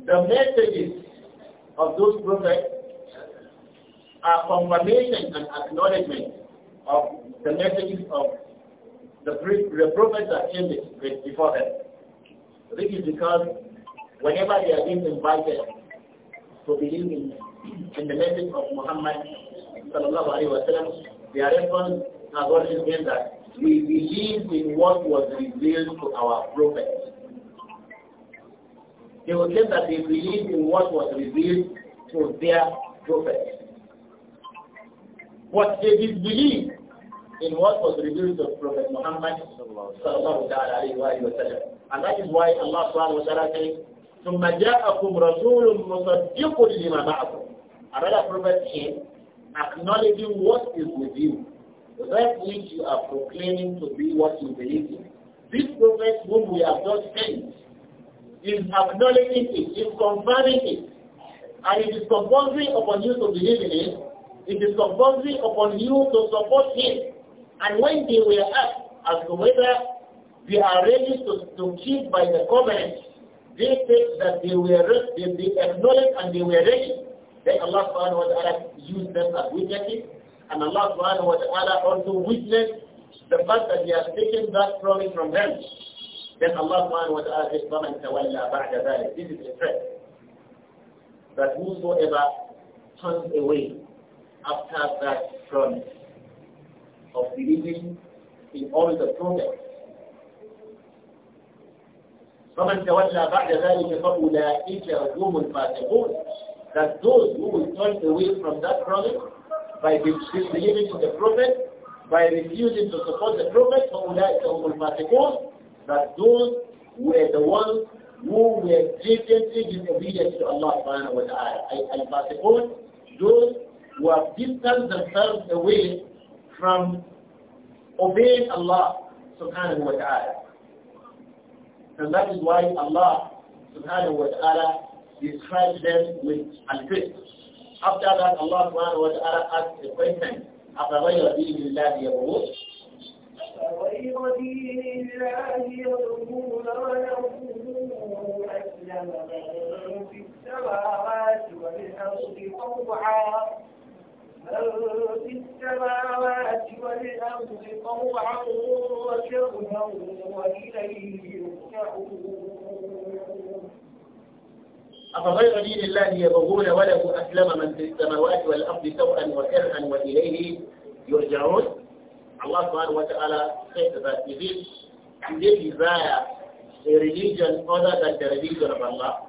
the messages of those prophets are confirmation and acknowledgement of the messages of the, the prophets that came before them. This is because whenever they are being invited to believe in, in the message of Muhammad they are wasallam, to response has that we believe in what was revealed to our prophets. They will say that they believe in what was revealed to their prophets. But they disbelieve in what was revealed to Prophet Muhammad And that is why Allah subhanahu wa ta'ala says, ثم جاءكم رسول مصدق لما معكم. Another prophet came acknowledging what is with you that which you are proclaiming to be what you believe in. This prophet whom we have just sent is acknowledging it, is confirming it. And it is compulsory upon you to believe in it. It is compulsory upon you to support him. And when they were asked as to whether they are ready to, to keep by the covenant, they said that they were they, they acknowledged and they were ready. Then Allah subhanahu wa ta'ala used them as witnesses and Allah subhanahu wa ta'ala also witnessed the fact that he has taken that promise from them. Then Allah subhanahu wa ta'ala says, وَمَنْ تَوَلَّى بَعْدَ ذَلِكَ This is a threat. That whosoever turns away after that promise of believing in all the prophets, فمن تولى بعد ذلك فأولئك هم الفاسقون that those who will turn away from that promise by disbelieving in the Prophet, by refusing to support the Prophet, that those were the ones who were blatantly disobedient to Allah subhanahu wa ta'ala. those who have distanced themselves away from obeying Allah subhanahu wa ta'ala. And that is why Allah subhanahu wa ta'ala describes them with al after that, Allah subhanahu wa ta'ala asked the question, أَفَغَيْرَ دِينِ اللَّهِ يَبْغُونَ أفغير دين الله يبغون وله أسلم من في السماوات والأرض سوءا وكرها وإليه يرجعون Allah سبحانه وتعالى said that if it, they desire a religion other than the religion of Allah,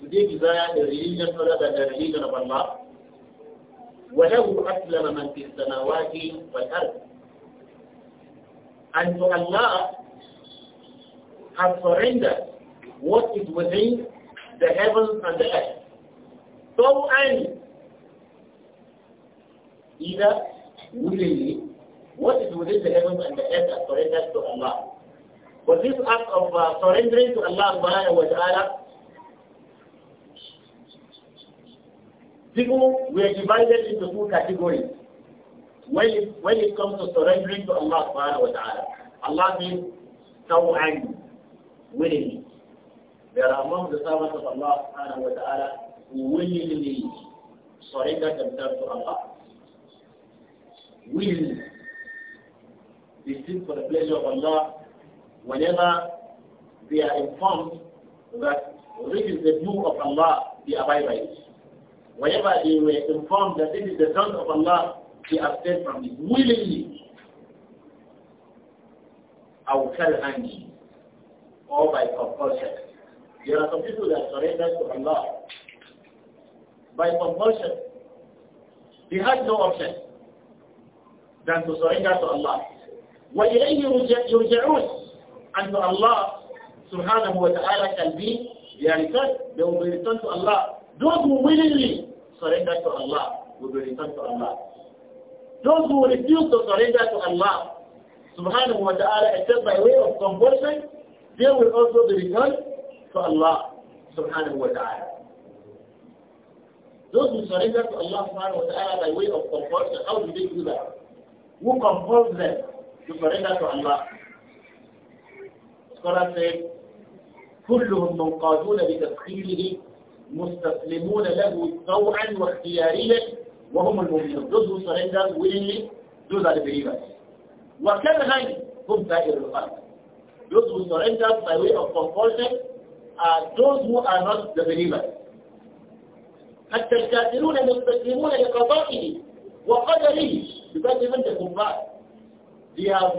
if they desire a religion other than the religion of Allah, وله أسلم من في السماوات والأرض. And to Allah has surrendered what is within the heavens and the earth. So and either willingly, what is within the heavens and the earth are surrendered to Allah. But this act of uh, surrendering to Allah subhanahu wa ta'ala, people were divided into two categories. When it, when it comes to surrendering to Allah subhanahu wa ta'ala, Allah means and willingly. They are among the servants of Allah subhanahu wa ta'ala who willingly surrender themselves to Allah. Willingly. They seek for the pleasure of Allah whenever they are informed that this is the view of Allah, they abide by it. Whenever they were informed that this is the done of Allah, they abstain from it willingly. أو كرها or by compulsion. There are some people that surrender to Allah by compulsion. They had no option than to surrender to Allah. وَإِلَيْهِ يُرْجَعُونَ And اللَّهِ سُبْحَانَهُ وَتَعَالَى wa be their return. They will be returned to Allah. Those who willingly surrender to Allah will be returned to Allah. Those who refuse to surrender to Allah subhanahu wa ta'ala except by way of compulsion, they will also be returned فالله سبحانه وتعالى. Those who surrender to Allah subhanahu wa ta'ala by way of compulsion, how do they do that? Who compels them to surrender to Allah? Scholars say, كلهم منقادون بتسخيره مستسلمون له طوعا واختياريا وهم المؤمنون those who surrender willingly those are the believers وكالغين هم سائر القلب those who surrender by way of compulsion are those who are not the believers. حتى الكافرون مستسلمون لقضائه وقدره because even the kuffar they have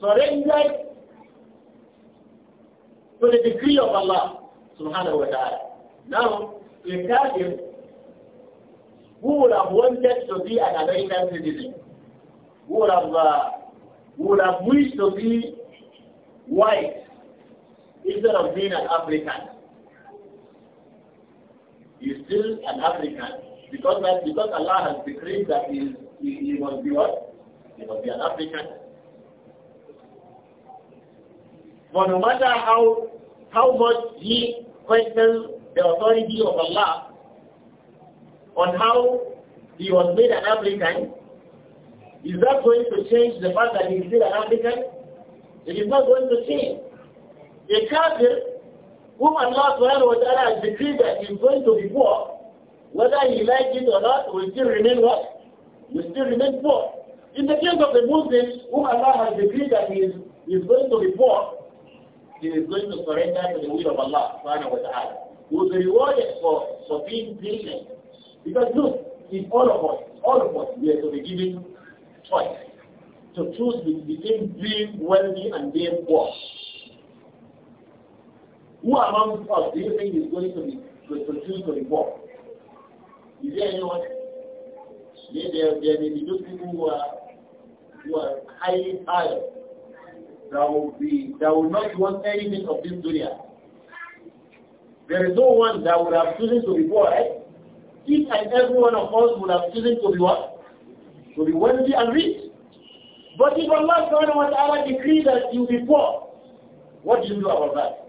surrendered to the decree of Allah subhanahu wa ta'ala. Now, a kafir who would have wanted to be an American citizen, who would have, uh, who would have wished to be white, instead of being an African, He's still an African because that, because Allah has decreed that he, he, he must be what? He must be an African. But no matter how how much he questions the authority of Allah on how he was made an African, is that going to change the fact that he is still an African? It is not going to change a kafir whom Allah subhanahu wa ta'ala has decreed that he's going to be poor, whether he likes it or not, will still remain what? Will still remain poor. In the case of the Muslims, whom Allah has decreed that he is, he is going to be poor, he is going to surrender to the will of Allah subhanahu wa ta'ala. will be rewarded for, for being patient. Because look, in all of us, all of us, we are to be given choice to choose between being wealthy and being poor. Who among us do you think is going to be to produce the report? Is there anyone? there, there may be those people who are who are highly tired. That will be that will not want anything of this dunya. There is no one that would have chosen to be poor, right? Each and every one of us would have chosen to be what? To be wealthy and rich. But if Allah subhanahu wa ta'ala decrees that you be poor, what do you do about that?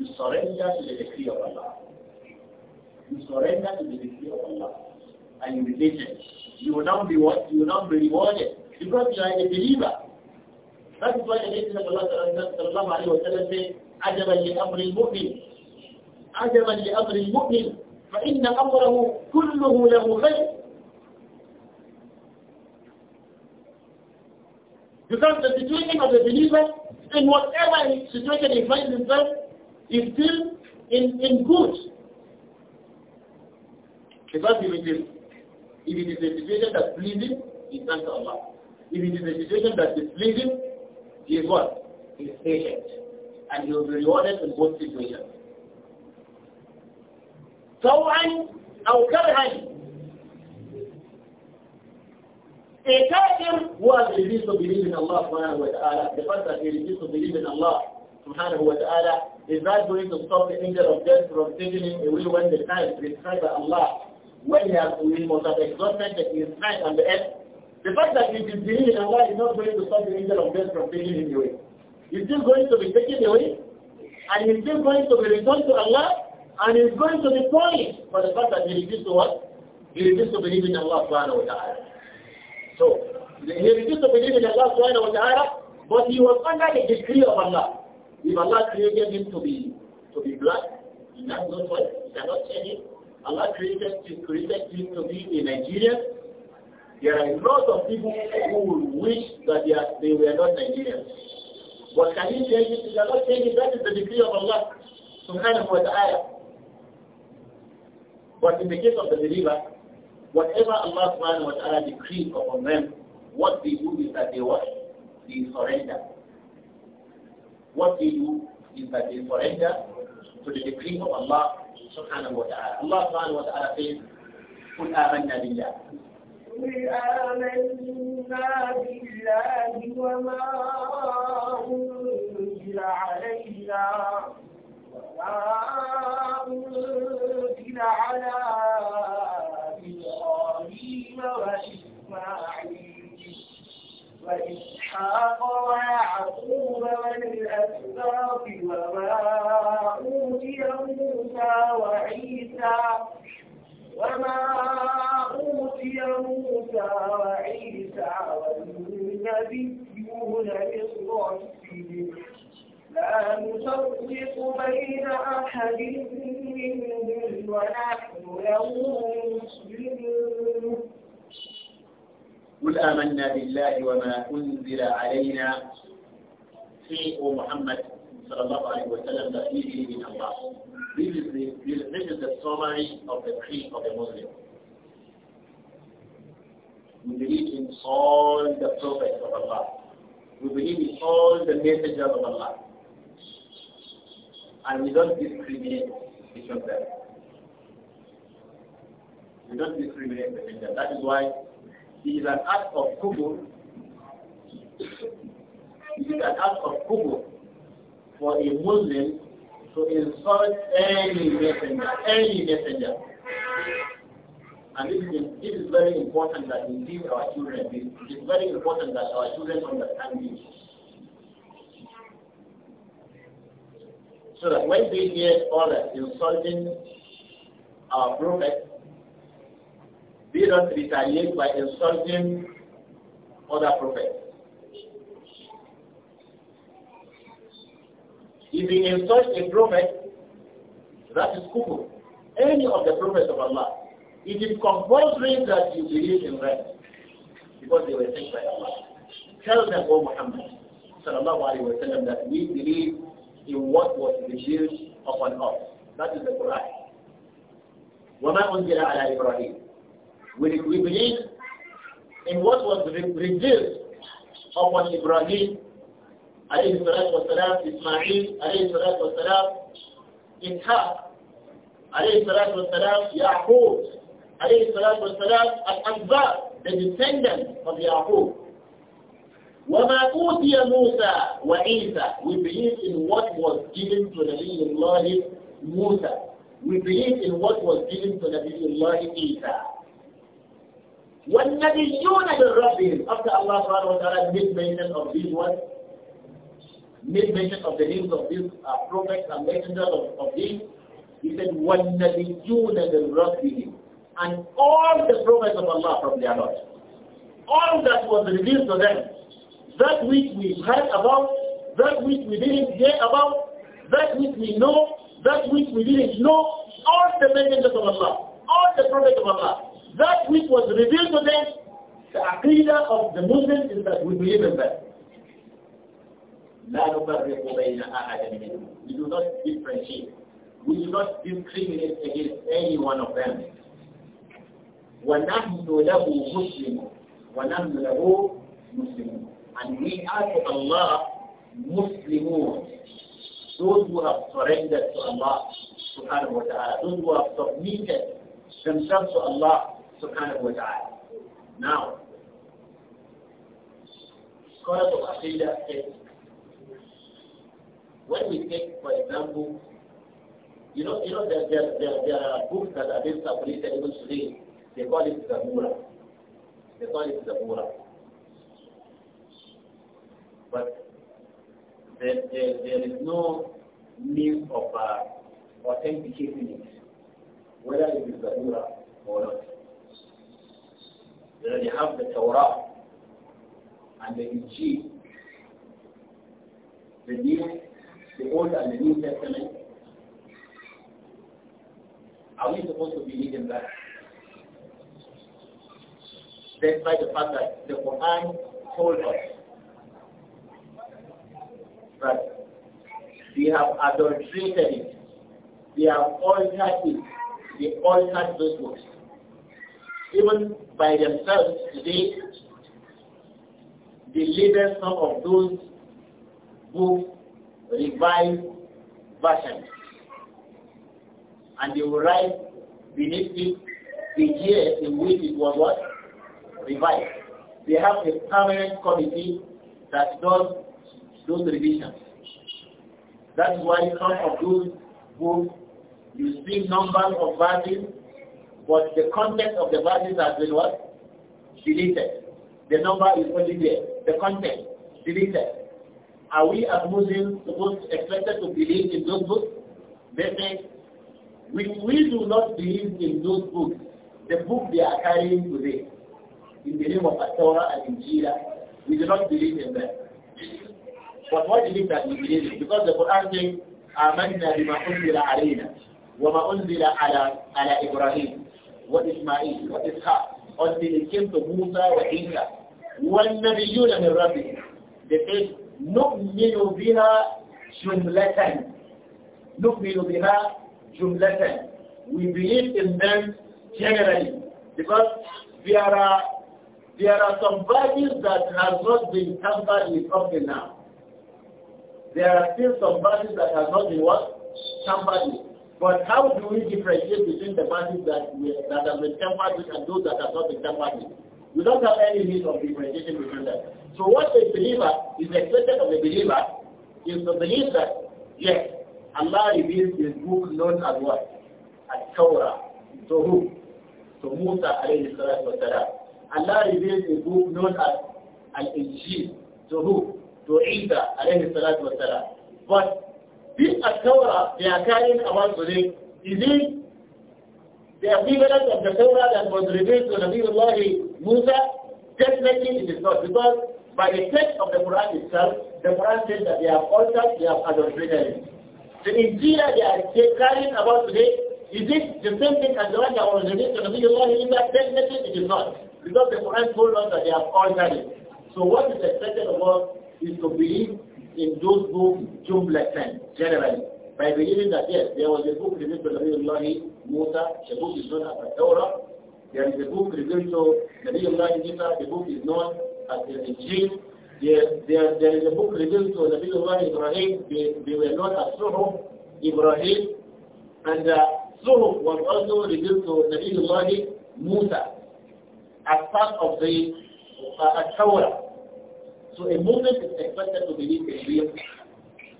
You surrender to the decree of Allah. You surrender to the decree of Allah. And you it. You will not be what you will not be rewarded because you are a believer. That is why the Messenger of Allah sallallahu alayhi wa sallam said, عجبا لأمر المؤمن عجبا لأمر المؤمن فإن أمره كله له خير Because the situation of the believer, in whatever situation he finds himself, is still in, in good. Because if it is, if it is a situation that's pleasing, it's thanks Allah. If it is a situation that is pleasing, he is what? He is patient. And he will be rewarded in both situations. طوعا أو كرها A kafir who has refused to believe in Allah subhanahu wa ta'ala, the fact that he refused to believe in Allah subhanahu wa ta'ala is that going to stop the angel of death from taking him away when the time prescribed by Allah, when he, has, he must have exhausted his time and the earth? The fact that he disbelieved in Allah is not going to stop the angel of death from taking him away. He's still going to be taken away, and he's still going to be returned to Allah, and he's going to be punished for the fact that he refused to what? He refused to believe in Allah subhanahu wa ta'ala. So, he refused to believe in Allah subhanahu wa ta'ala, but he was under the decree of Allah. If Allah created him to be to be black, he can't go it. He cannot change it. Allah created him, created him to be a Nigerian. There are a lot of people who wish that they, are, they were not Nigerians. But can you change it? You cannot change it. That is the decree of Allah subhanahu wa ta'ala. But in the case of the believer, whatever Allah subhanahu wa ta'ala decreed upon them, what they do is that they what? They surrender what they do is that they surrender to the decree of Allah subhanahu wa ta'ala. Allah subhanahu wa ta'ala says, قُلْ آمَنَّا بِاللَّهِ قُلْ آمَنَّا بِاللَّهِ وَمَا أُنزِلَ عَلَيْنَا وَمَا أُنزِلَ عَلَىٰ إِبْرَاهِيمَ وَإِسْمَاعِيلَ وإسحاق ويعقوب وللأسباط وما أوتي موسى وعيسى وما أوتي موسى وعيسى والنبيون من ربهم لا نفرق بين أحد منهم ونحن له مسلمون قل آمنا بالله وما أنزل علينا في محمد صلى الله عليه وسلم This is the, this is the summary of the creed of the Muslim. We believe in all the prophets of Allah. We believe in all the messengers of Allah. And we don't discriminate between them. We don't discriminate between them. That is why is an act of kubur. It is an act of kubur for a Muslim to insult any messenger, any messenger. And this is, this is very important that we teach our children this. It is very important that our children understand this. So that when they hear others insulting our prophet, do not retaliate by insulting other prophets. If you insult a prophet, that is kufr. Any of the prophets of Allah. It is compulsory that you believe in them because they were sent by Allah. Tell them, O Muhammad, sallallahu alaihi wasallam, that we believe in what was revealed upon us. That is the Quran. وَمَا أُنْزِلَ عَلَى إِبْرَاهِيمَ we, we believe in what was re revealed upon Ibrahim alayhi Ismail alayhi Ishaq alayhi salatu wasalam, Yaqub alayhi Al-Anbar, the descendant of Yaqub. وما أوتي موسى وعيسى we believe in what was given to Nabi Allah Musa we believe in what was given to Nabi Allah Isa وَالنَّبِيُّونَ مِنْ رَبِّهِمْ After Allah subhanahu wa made mention of these ones, made mention of the names of these uh, prophets and messengers of, of these, he said, وَالنَّبِيُّونَ مِنْ And all the prophets of Allah from their Lord. All that was revealed to them, that which we heard about, that which we didn't hear about, that which we know, that which we didn't know, all the messengers of Allah, all the prophets of Allah, that which was revealed to them, the aqidah of the Muslims is that we believe in that. We do not differentiate. We do not discriminate against any one of them. وَنَحْنُ لَهُ مُسْلِمُ وَنَحْنُ And we are to Allah Muslimun. Those who have surrendered to Allah subhanahu wa ta'ala. Those who have submitted themselves to Allah so kind of wa ta'ala. Now, scholars of Aqidah say, when we take, for example, you know, you know there, there, there, there are books that are being circulated even today. They call it Zabura. They call it Zabura. But there, there, there is no means of uh, authenticating it, whether it is Zabura or not. They already they have the Torah and the Injil, the New, the Old and the New Testament. Are we supposed to believe in that? Despite the fact that the Quran told us that we have adulterated it, we have altered it, we altered those books. Even by themselves today deliver some of those book revised versions. And they will write beneath it the year in which it was what? Revised. They have a permanent committee that does those revisions. That's why some of those books, you see numbers of verses but the content of the verses has been what? Deleted. The number is only there. The content, deleted. Are we as Muslims supposed expected to believe in those books? They say, we do not believe in those books, the book they are carrying today, in the name of Torah and Jira, we do not believe in them. But what is it that we believe in? Because the Quran says, آمنا unzila أنزل wa ma unzila ala ala Ibrahim." وإسماعيل وإسحاق until it came to Musa وعيسى والنبيون من ربهم they said نؤمن بها جملة نؤمن بها جملة we believe in them generally because there are there are some values that have not been tampered with up till now. There are still some values that have not been what? Tampered with. But how do we differentiate between the parties that, we, that have been tempered with and those that have not been tempered with? We don't have any means of differentiation between them. So what a believer is expected of a believer is the belief that, yes, Allah reveals his book known as what? As Torah. So who? So Musa alayhi salatu wa salam. Allah reveals a book known as Al-Injil. To who? To Isa alayhi salatu wa salam. But this Torah they are carrying about today, is it the equivalent of the Torah that was revealed to Nabiullah Musa? Definitely it is not, because by the text of the Quran itself, the Quran says that they have altered, they have adulterated it. The idea they are carrying about today, is it the same thing as the one that was revealed to Nabiullah Musa? Definitely it is not, because the Quran told us that they have altered it. So what is expected of us is to believe in those books jumlatan, generally, by believing that yes, there was a book revealed to the Nabiullah Musa, the book is known as the Torah, there is a book revealed to the Nabiullah Isa, the book is known as the Injil, there, there, there is a book revealed to the Nabiullah Ibrahim, they, they were known as Suhuf, Ibrahim, and uh, Suhuf was also revealed to the Nabiullah Musa as part of the uh, Torah. So a movement is expected to believe in real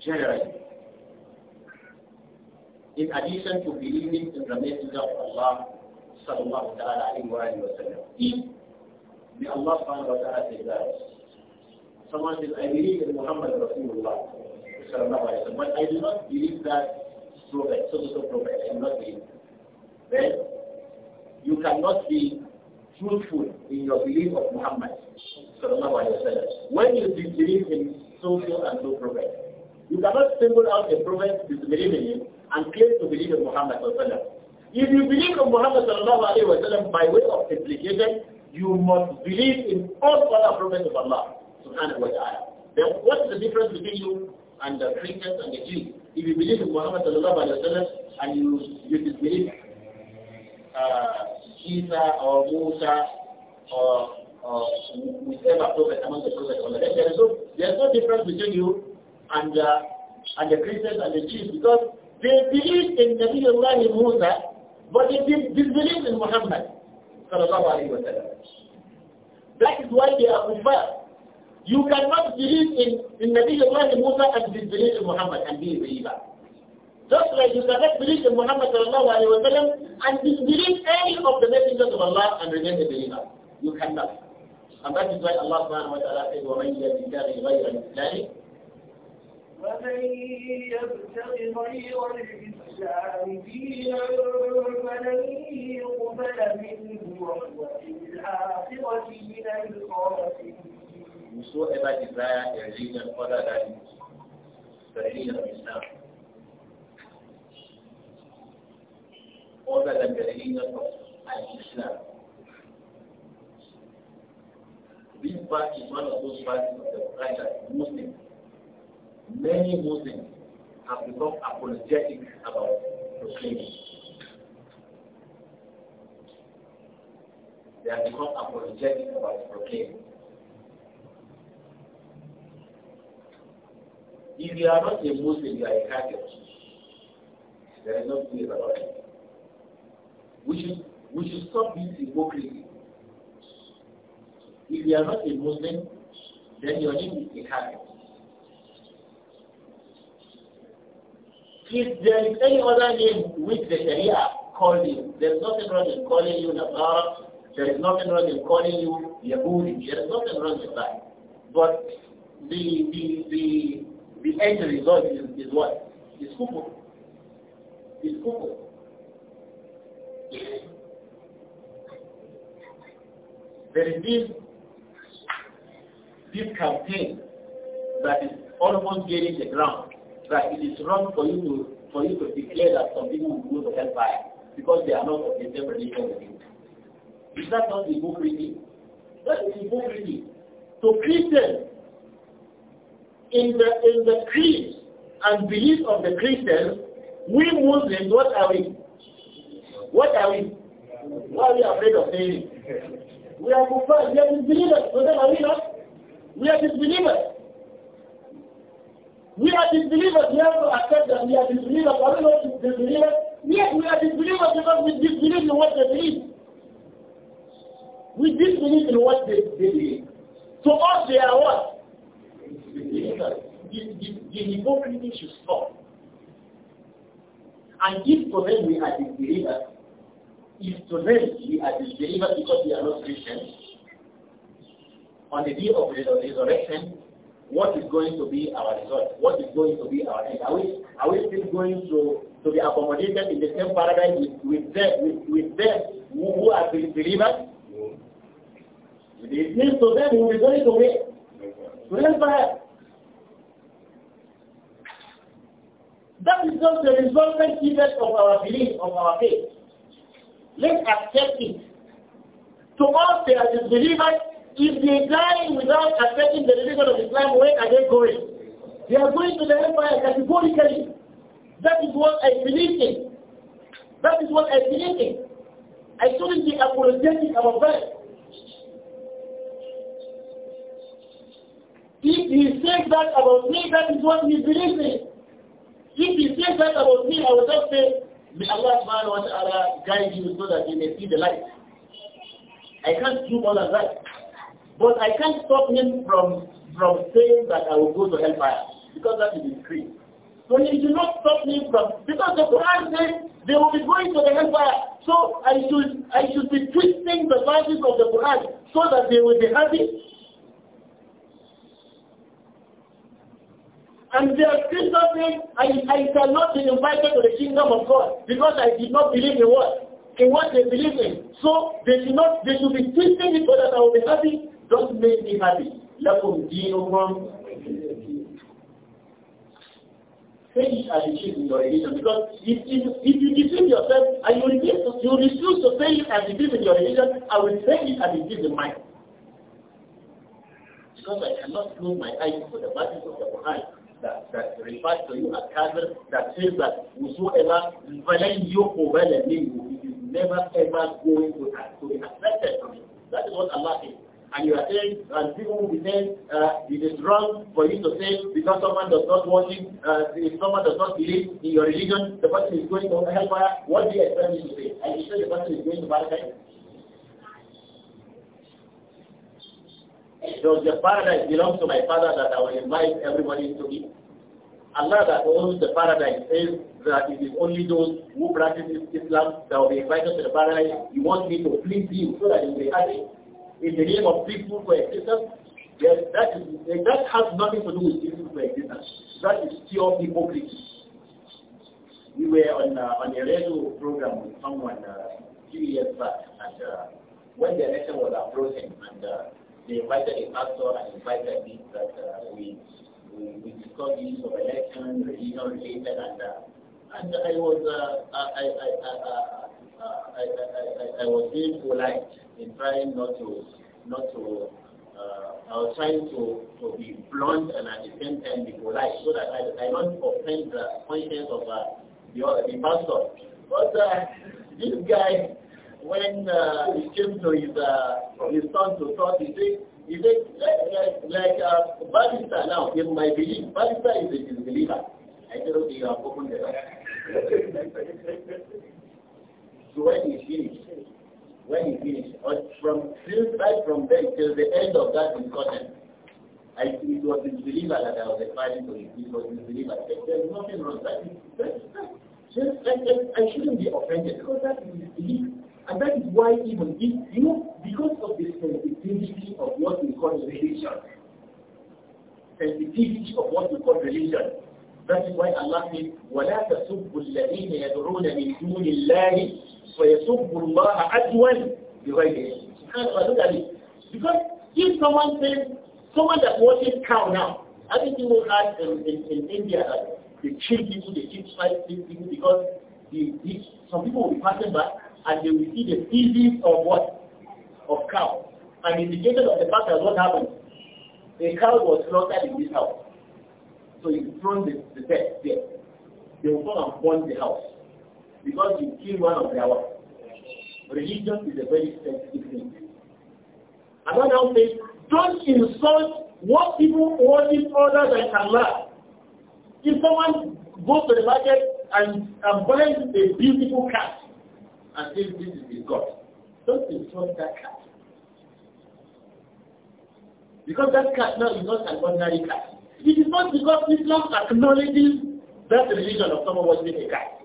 generally. In addition to believing in the Messenger of Allah sallallahu alayhi wa sallam. If may Allah subhanahu wa ta'ala say that someone says, I believe in Muhammad Rasulullah sallallahu alayhi wa sallam, but I do not believe that prophet, so so prophet, I do not believe. Then you cannot be truthful in your belief of Muhammad. When you disbelieve in social and no prophet, you cannot single out a prophet disbelieving him and claim to believe in Muhammad. If you believe in Muhammad by way of implication, you must believe in all other prophets of Allah. Subhanahu wa ta'ala. Then what is the difference between you and the Christians and the Jews? If you believe in Muhammad and you, you disbelieve uh, Isa or Musa or, or whichever prophet among the prophets. There is no, there is no difference between you and the, and the Christians and the Jews because they believe in Nabiullah Musa, but they did disbelieve in Muhammad. That is why they are kuffar. You cannot believe in, in Nabiullah Musa and disbelieve in Muhammad and be a believer. Just like you cannot believe in Muhammad sallallahu alayhi wa sallam and disbelieve any of the messengers of Allah and remain a believer. You cannot. And that is why Allah subhanahu wa ta'ala said, وَمَنْ يَبْتَغِ غَيْرَ الْإِسْلَامِ وَمَنْ يَبْتَغِ غَيْرَ الْإِسْلَامِ فَلَنْ يُقْبَلَ مِنْهُ وَهُوَ فِي الْآخِرَةِ مِنَ الْخَاسِرِينَ Whosoever desire a religion other than the religion of Islam, other than the Islam. This is one of those of the Muslims, many Muslims, have become apologetic about proclaiming. They have become apologetic about proclaiming. If you are not a Muslim, you are a Catholic. There is no fear about it we should, we should stop being hypocrisy. If you are not a Muslim, then your name is a habit. If there is any other name which the Sharia called you, there is nothing wrong in calling you Nazara, there is nothing wrong in calling you Yahudi, there is nothing wrong with that. But the, the, the, the end result is, is what? It's kufur. It's kufur. There is this, campaign that is almost getting the ground, that it is wrong for you to for you to declare that some people will go to hellfire because they are not of the same religion with you. Is that not hypocrisy? That is hypocrisy. So Christians, in the in the creed and belief of the Christians, we Muslims, what are we? What are we? Why are we afraid of saying We are kuffar, we are disbelievers. So then are we not? We are disbelievers. We are disbelievers. We have to accept that we are disbelievers. Are we not disbelievers? Yes, we are disbelievers because we disbelieve in what they believe. We disbelieve in what they, believe. So us, they are what? Disbelievers. The, the, the hypocrisy should stop. And if for them we are disbelievers, if today we are delivered because we are not Christians, on the day of resurrection, what is going to be our result? What is going to be our end? Are we, are we still going to, to be accommodated in the same paradise with, with them, with, with them who, who are believers? It means to them who is going to wait. To That is not the resultant effect of our belief, of our faith. Let us accept it. To us, they are disbelievers. If they die without accepting the religion of Islam, where are they going? They are going to the empire categorically. That is what I believe in. That is what I believe in. I shouldn't be apologetic about that. If he says that about me, that is what he believes in. If he says that about me, I will just say, May Allah subhanahu wa ta'ala guide you so that you may see the light. I can't do all than that. But I can't stop him from, from saying that I will go to hellfire, because that is his creed. So he should not stop me from, because the Quran says they will be going to the hellfire. So I should, I should be twisting the verses of the Quran so that they will be happy And they are still not I, I shall not be invited to the kingdom of God because I did not believe in what? In what they believe in. So they should not, they should be twisting it so that I will be happy. Don't make me happy. Let لَكُمْ دِينُكُمْ Change are the in your religion because if, if, if you deceive yourself and you refuse, you refuse to say it as it is in your religion, I will say it as it is in mine. Because I cannot close my eyes for the verses of the Quran that, that refers to you as kafir, that says that whosoever valayuhu valayuhu, it is never ever going to, to be accepted from it. That is what Allah is. And you are saying, and people will be saying, uh, it is wrong for you to say, because someone does not worship, uh, if someone does not believe in your religion, the person is going to hellfire. What do you expect me to say? I you say the person is going to paradise? Does the paradise belongs to my father that I will invite everybody to it? Allah that owns the paradise says that it is only those who practice Islam that will be invited to the paradise. You want me to please you so that you will be happy in the name of peaceful coexistence. Yes, that is that has nothing to do with peaceful coexistence. That is pure hypocrisy. We were on uh, on a radio program with someone uh, a few years back, and uh, when the election was approaching, and uh, they invited a pastor and invited me that uh, we, we, we discussed issues of election, religion related, and uh, and I was uh, I, I, uh, uh, I, I, I, I, I, was being polite in trying not to not to uh, I was trying to, to be blunt and at the same time be polite so that I, I don't offend the conscience of the, the pastor. But this guy when uh, he came to his, uh, his son to talk, he said, he said like, like uh, Barista now, in my belief, Barista is a disbeliever. I said, okay, you have opened the door. so when he finished, when he finished, uh, from right from there till the end of that discussion, I, it was a believer that I was referring to him. It was a believer. There's nothing wrong. That is, that, just I shouldn't be offended because that is his belief. And that is why even if you, because of the sensitivity of what we call religion, sensitivity of what we call religion, that is why Allah says, وَلَا تَسُبُّوا الَّذِينَ يَدْعُونَ مِن دُونِ اللَّهِ فَيَسُبُّوا اللَّهَ عَدْوًا بِغَيْرِ SubhanAllah, look at it. Because if someone says, someone that watches cow now, I think you will add in, in, in India that they kill people, they kill five people because they, they, some people will be passing by and they will see the feces of what? Of cow. And indicated of the fact that what happened? A cow was slaughtered in this house. So you thrown the, the dead there. They will come and burn the house. Because you kill one of their own. Religion is a very sensitive thing. And God now says, don't insult what people worship other than Allah. If someone goes to the market and, and buys a beautiful cat, and this is the God. Don't insult that cat. Because that cat now is not an ordinary cat. It is not because Islam acknowledges that religion of someone worshiping a cat.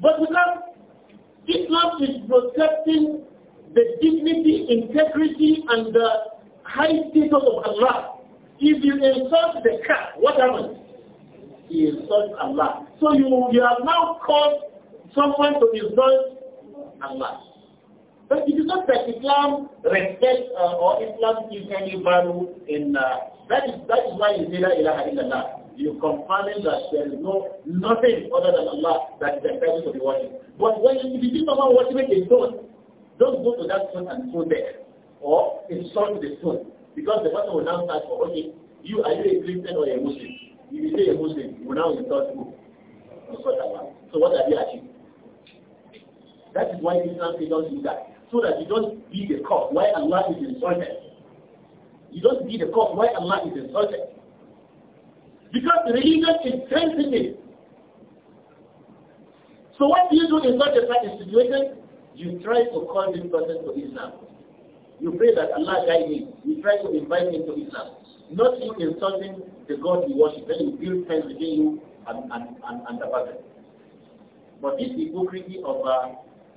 But because Islam is protecting the dignity, integrity, and the high status of Allah. If you insult the cat, what happens? He insults Allah. So you, you have now caused someone to insult Allah. But it is not that Islam respects uh, or Islam gives any value in uh, that is that is why you say la ilaha illallah. You confirming that there is no nothing other than Allah that is entitled to be worshipped. But when you begin about worshiping a stone, don't go to that stone and throw there or insult the stone because the person will now start for oh, okay, you are you a Christian or a Muslim? If you say a Muslim, you will now insult who? So what have you achieved? That is why Islam failures do that. So that you don't be the cause why Allah is insulted. You don't be the cause why Allah is insulted. Because religion is sensitive. So what do you do in such a kind situation? You try to call this person to Islam. You pray that Allah guide him. You try to invite him to Islam. Not you insulting the God you worship. Then you build friends between you and, and, and, and the person. But this hypocrisy of uh,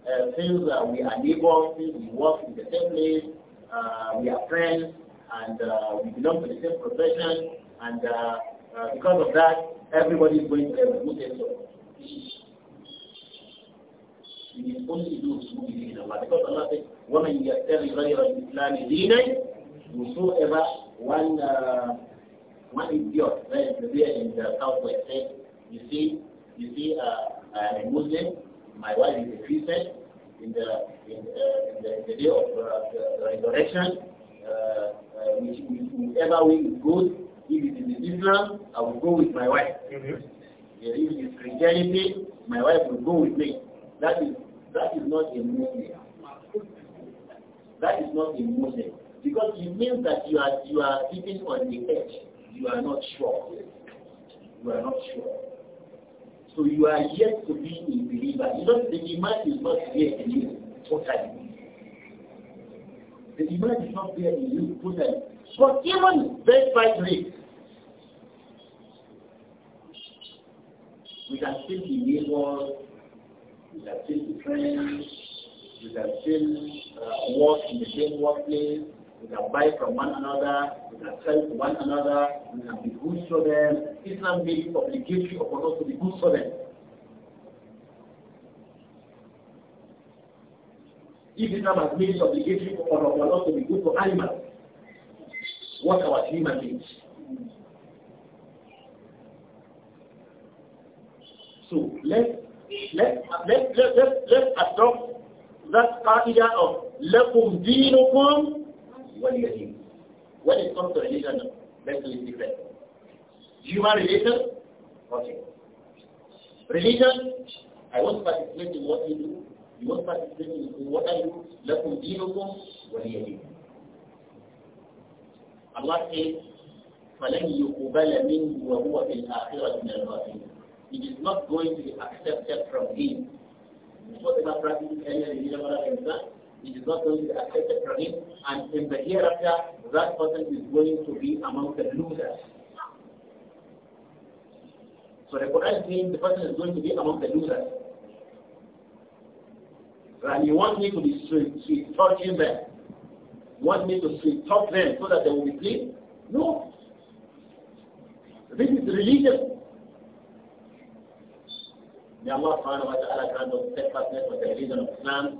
uh, since uh, we are neighbors, we work in the same place, uh, we are friends, and uh, we belong to the same profession, and uh, uh, because of that, everybody is going to heaven. Who says so? It is only those who believe in Allah. Because Allah says, وَمَنْ يَتَّبِ غَيْرَ الْإِسْلَامِ دِينًا Whosoever one, one idiot, right, there in the southwest, says, you see, you see, I'm a Muslim, my wife is a Christian, in the in, uh, in the, in the day of uh, the resurrection, uh, uh, which, whichever way go, if it is Islam, I will go with my wife. Mm -hmm. If it is Christianity, my wife will go with me. That is that is not a Muslim. That is not a Muslim. Because it means that you are you are living on the edge. You are not sure. You are not sure. So you are yet to be a believer. You the iman is not there in you totally. The iman is not there in you totally. But even best by grace, we can still be neighbors, we can still be friends, we can still uh, work in the same workplace, we can buy from one another, we can sell to one another, we can be good for them. Islam makes it obligatory upon us to be good for them. If Islam has made it obligatory upon us to be good for animals, what our human needs. So let's let let let let let's adopt that idea of lakum dinukum what you واليتيم when it comes to religion that's is different human religion okay religion I won't participate in what you do you won't participate in what I do لكم دينكم وليتيم Allah says فلن يقبل منه وهو في الآخرة من الغافلين it is not going to be accepted from him. What about practicing any religion other than that? it is not going to be accepted from him, and in the hereafter, that person is going to be among the losers. So the Quran saying the person is going to be among the losers. And you want me to be sweet, sweet talking them. You want me to sweet talk them so that they will be pleased? No. This is religion. May Allah subhanahu wa ta'ala grant us steadfastness for the religion of Islam.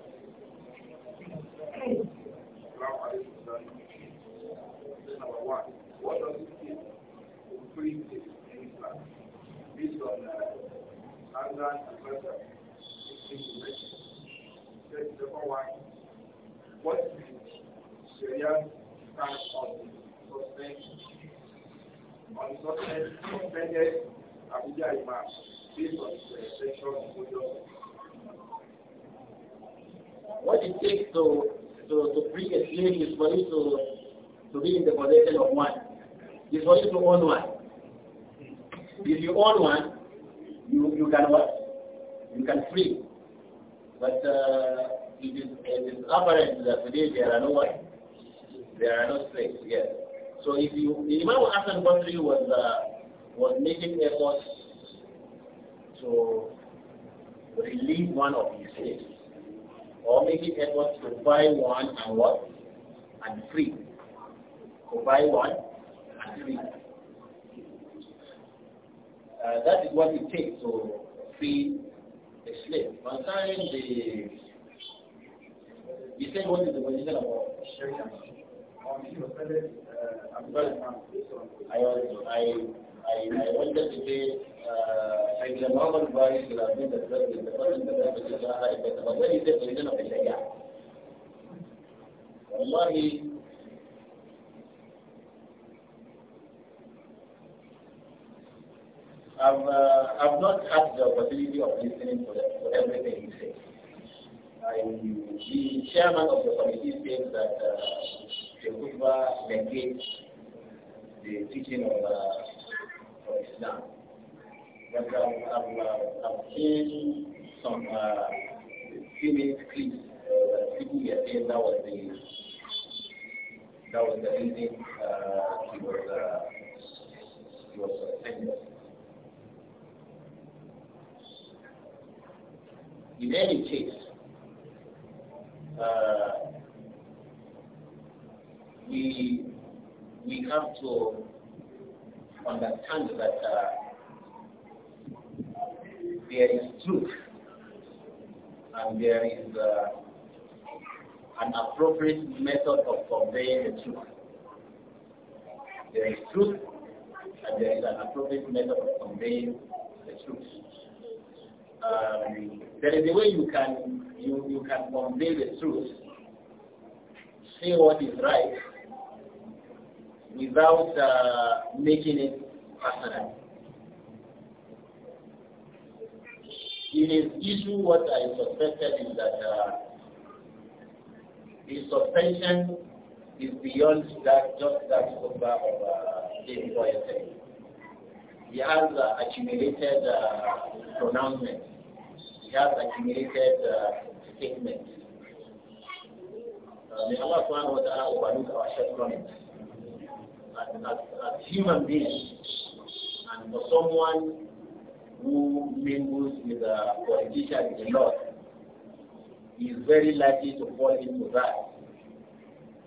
based on uh, and the second one, stand on suspension? On suspension, Abuja Imam, based on What it takes to, to, to bring a slave is for you to, to be in the position of one. It's for you to own one. If you own one, you, you can what? You can free. But uh, it, is, it is apparent that today there are no what? There are no slaves, yes. So if you, Imam Hassan Basri was, uh, was making efforts to release one of his slaves, or making efforts to buy one and what? And free. To buy one and free that is what it takes to free a slave. Concerning the, you said what is the position of Sharia? I, I, I, wanted to say, uh, like the normal body should have been the president, the person that has the Sharia, but what is the position of the Sharia? Wallahi, I've, uh, I've not had the opportunity of listening to, that, to everything he said. the chairman of the committee says that uh, the negates the teaching of, uh, of Islam. But I've, I've, uh, I've seen some uh, female clips that uh, people were saying that was the that was the reason uh, he was uh, was suspended. in any case, uh, we we have to understand that uh, there is truth and there is uh, an appropriate method of conveying the truth. There is truth and there is an appropriate method of conveying the truth there is a way you can you, you can convey the truth, say what is right, without uh, making it personal. In his issue, what I suspected is that uh, his suspension is beyond that just that of uh, Boyer. He has uh, accumulated uh, pronouncements he has accumulated uh, statements. Uh, may Allah subhanahu wa ta'ala overlook our shortcomings. as, as human beings, and for someone who mingles with a politician a lot, he is very likely to fall into that.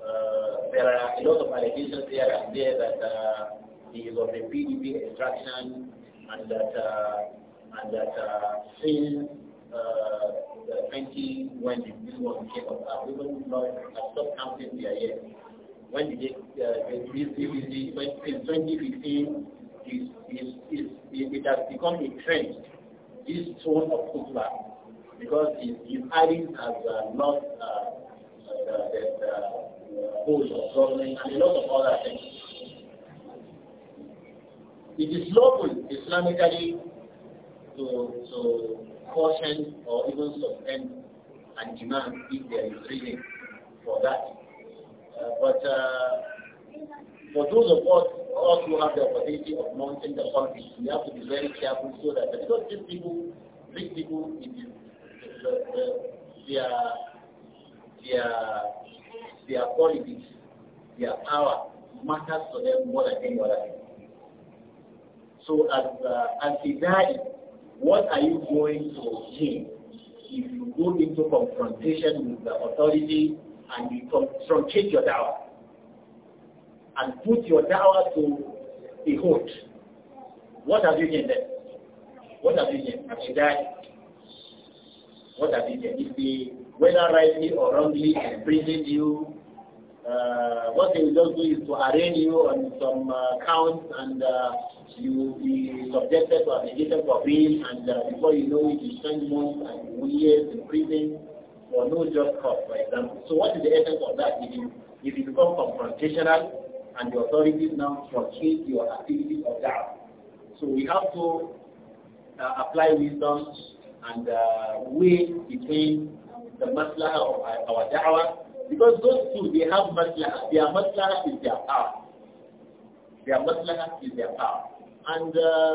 Uh, there are a lot of allegations here and there that uh, he is of the PDP extraction and that uh, and that uh, since uh, 20 was came up. don't know, i stopped counting When did in 2015, it has become a trend, this tone of because his, his hiring has hold of government and a lot of other things. It is lawful Islamically to, caution or even suspend and demand if there is reason for that. Uh, but uh, for those of us, us who have the opportunity of mounting the conflict, we have to be very careful so that because these people, these people, it is the, the, their their their politics, their power matters to them more than any other thing. So as uh, as a what are you going to obtain if you go into confrontation with the authority and you truncate your dawah and put your dawah to a halt? What have you gained then? What have you gained? Have you died? What have you gained? If they, whether rightly or wrongly, imprisoned you, uh, what they will just do is to arrange you on some uh, counts and uh, you, be subjected to application for being, and uh, before you know it, you spend months and years in prison for no just cause, for example. So what is the essence of that? If you, if you become confrontational and the authorities now truncate your activities of that. So we have to uh, apply wisdom and uh, weigh between the maslaha of our, our da'wah because those two, they have maslaha. Their maslaha is their power. Their maslaha is their power. And uh,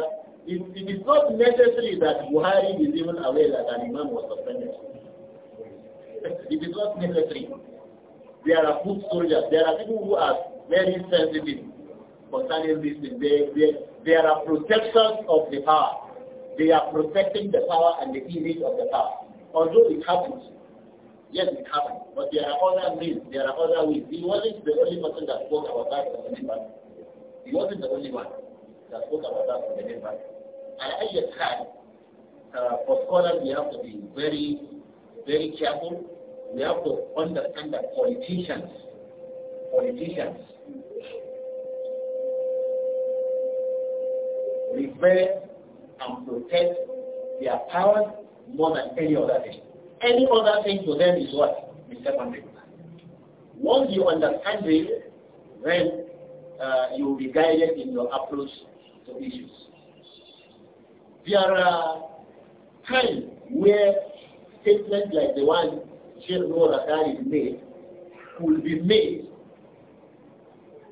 it, it is not necessary that Buhari is even aware that an imam was suspended. it is not necessary. There are foot soldiers. There are people who are very sensitive concerning this. They, they, there are protectors of the power. They are protecting the power and the image of the power. Although it happens, Yes, it happened. But there are other means, there are other ways. He wasn't the only person that spoke about that. He wasn't the only one that both of us have delivered. At any time, uh, for scholars, we have to be very, very careful. We have to understand that politicians, politicians, revere and protect their power more than any other thing. Any other thing to them is what? Is secondary. Once you understand this, then uh, you will be guided in your approach issues. There are uh, times where statements like the one Sheikh Noor is made will be made,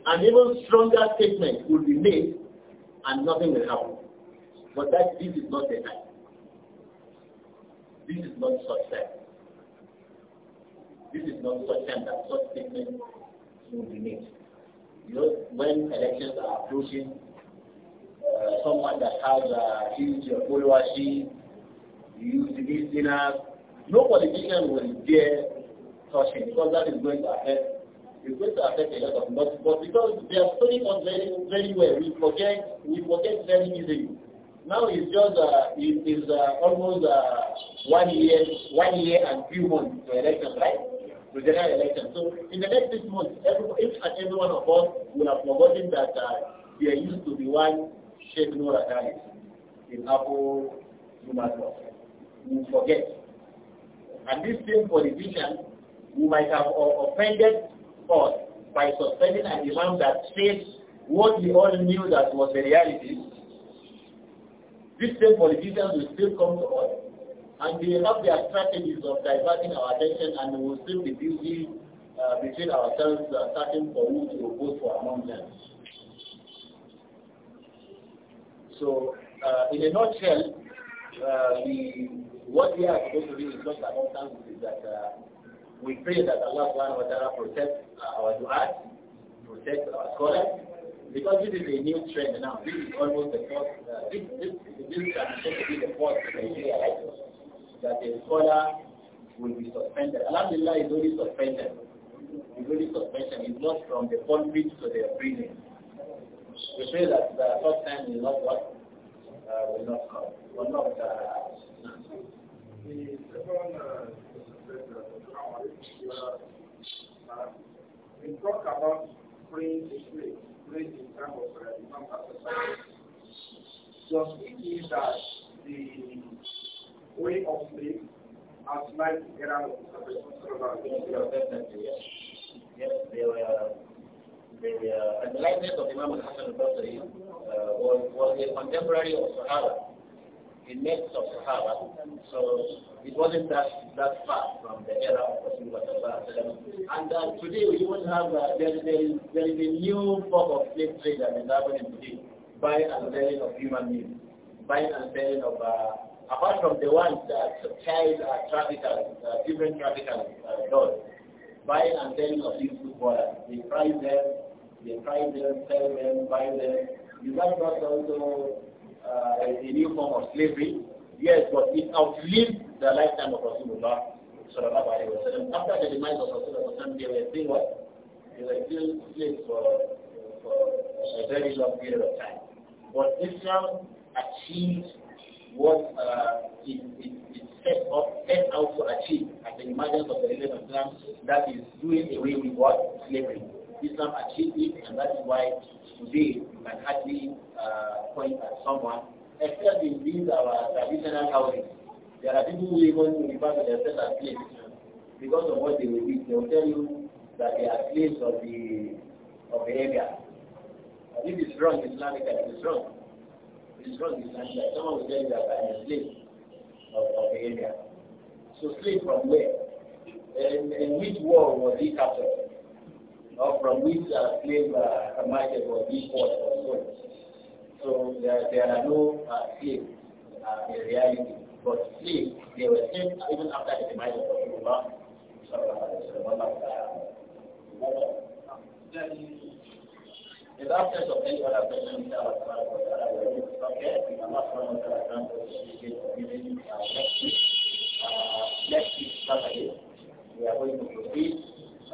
an even stronger statement will be made, and nothing will happen. But that this is not the time. This is not such time. This is not such time that such statements will be made. You know, when elections are approaching, uh, someone that has a huge followership, huge listeners. No politician will dare touch him because that is going to affect it's going to affect a lot of but, but because they are studying on very very well, we forget we forget very easily. Now it's just uh, it is uh, almost uh, one year one year and few months to election, right? To general election. So in the next six months, every, each and every one of us will have forgotten that uh, are used to be one Sheikh nor Adai in human Yumadov. We forget. And this same politician, who might have offended us by suspending an imam that says what we all knew that was the reality. this same politicians will still come to us and they have their strategies of diverting our attention and we will still be busy uh, between ourselves uh, starting for who to vote for among them. So, uh, in a nutshell, uh, we, what we are supposed to do in such circumstances is that uh, we pray that Allah subhanahu wa ta'ala protects uh, our du'as, protects our scholars, because this is a new trend now. This is almost the first, uh, this, this, this can supposed to be the first Nigeria, That a scholar will be suspended. Alhamdulillah is only suspended. It's only suspension. is not from the pulpit to the prison. We say that the first time will not what uh, will not come. Will not. Uh, we talk about praying the way, praying in terms of uh, Imam Does it mean that the way of faith has like the error of the Prophet? Yes, definitely, yes. Yes, they were the, uh, the likeness of Imam al-Hasan al-Basri uh, was, was a contemporary of Sahaba, a next of Sahaba. So it wasn't that, that far from the era of Rasulullah And uh, today we even have, uh, there, there, is, there is a new form of slave trade that is happening today, buy and selling of human beings, buy and selling of uh, apart from the ones that child uh, traffickers, uh, different traffickers uh, does, buying and selling of these footballers, they price them they find them, sell them, buy them. Is that not also uh, a new form of slavery? Yes, but it outlived the lifetime of Rasulullah sallallahu alayhi wa sallam. After the demise of Rasulullah they were still what? They were still slaves for, for a very long period of time. But Islam achieved what uh, it, it, it set, up, set out to achieve at the emergence of the religion of Islam, that is doing away with what? Slavery. Islam achieved it, and that is why today you can hardly uh, point at someone, except in these our traditional houses. There are people who even refer to themselves as slaves because of what they will do. They will tell you that they are slaves of the of the area. But if it's wrong Islamically, it is wrong. It is wrong Islamically. Someone will tell you that I am a slave of, of the area. So slave from where? And, and which war was he captured? or from which uh, claim are market was import or sold. So there, there are no uh, uh, in reality. But slaves, they were sent even after the demise of Rasulullah. In uh, the absence of any other question, uh, uh, okay, I'm not sure what I'm trying to Next week, Saturday, we are going to proceed.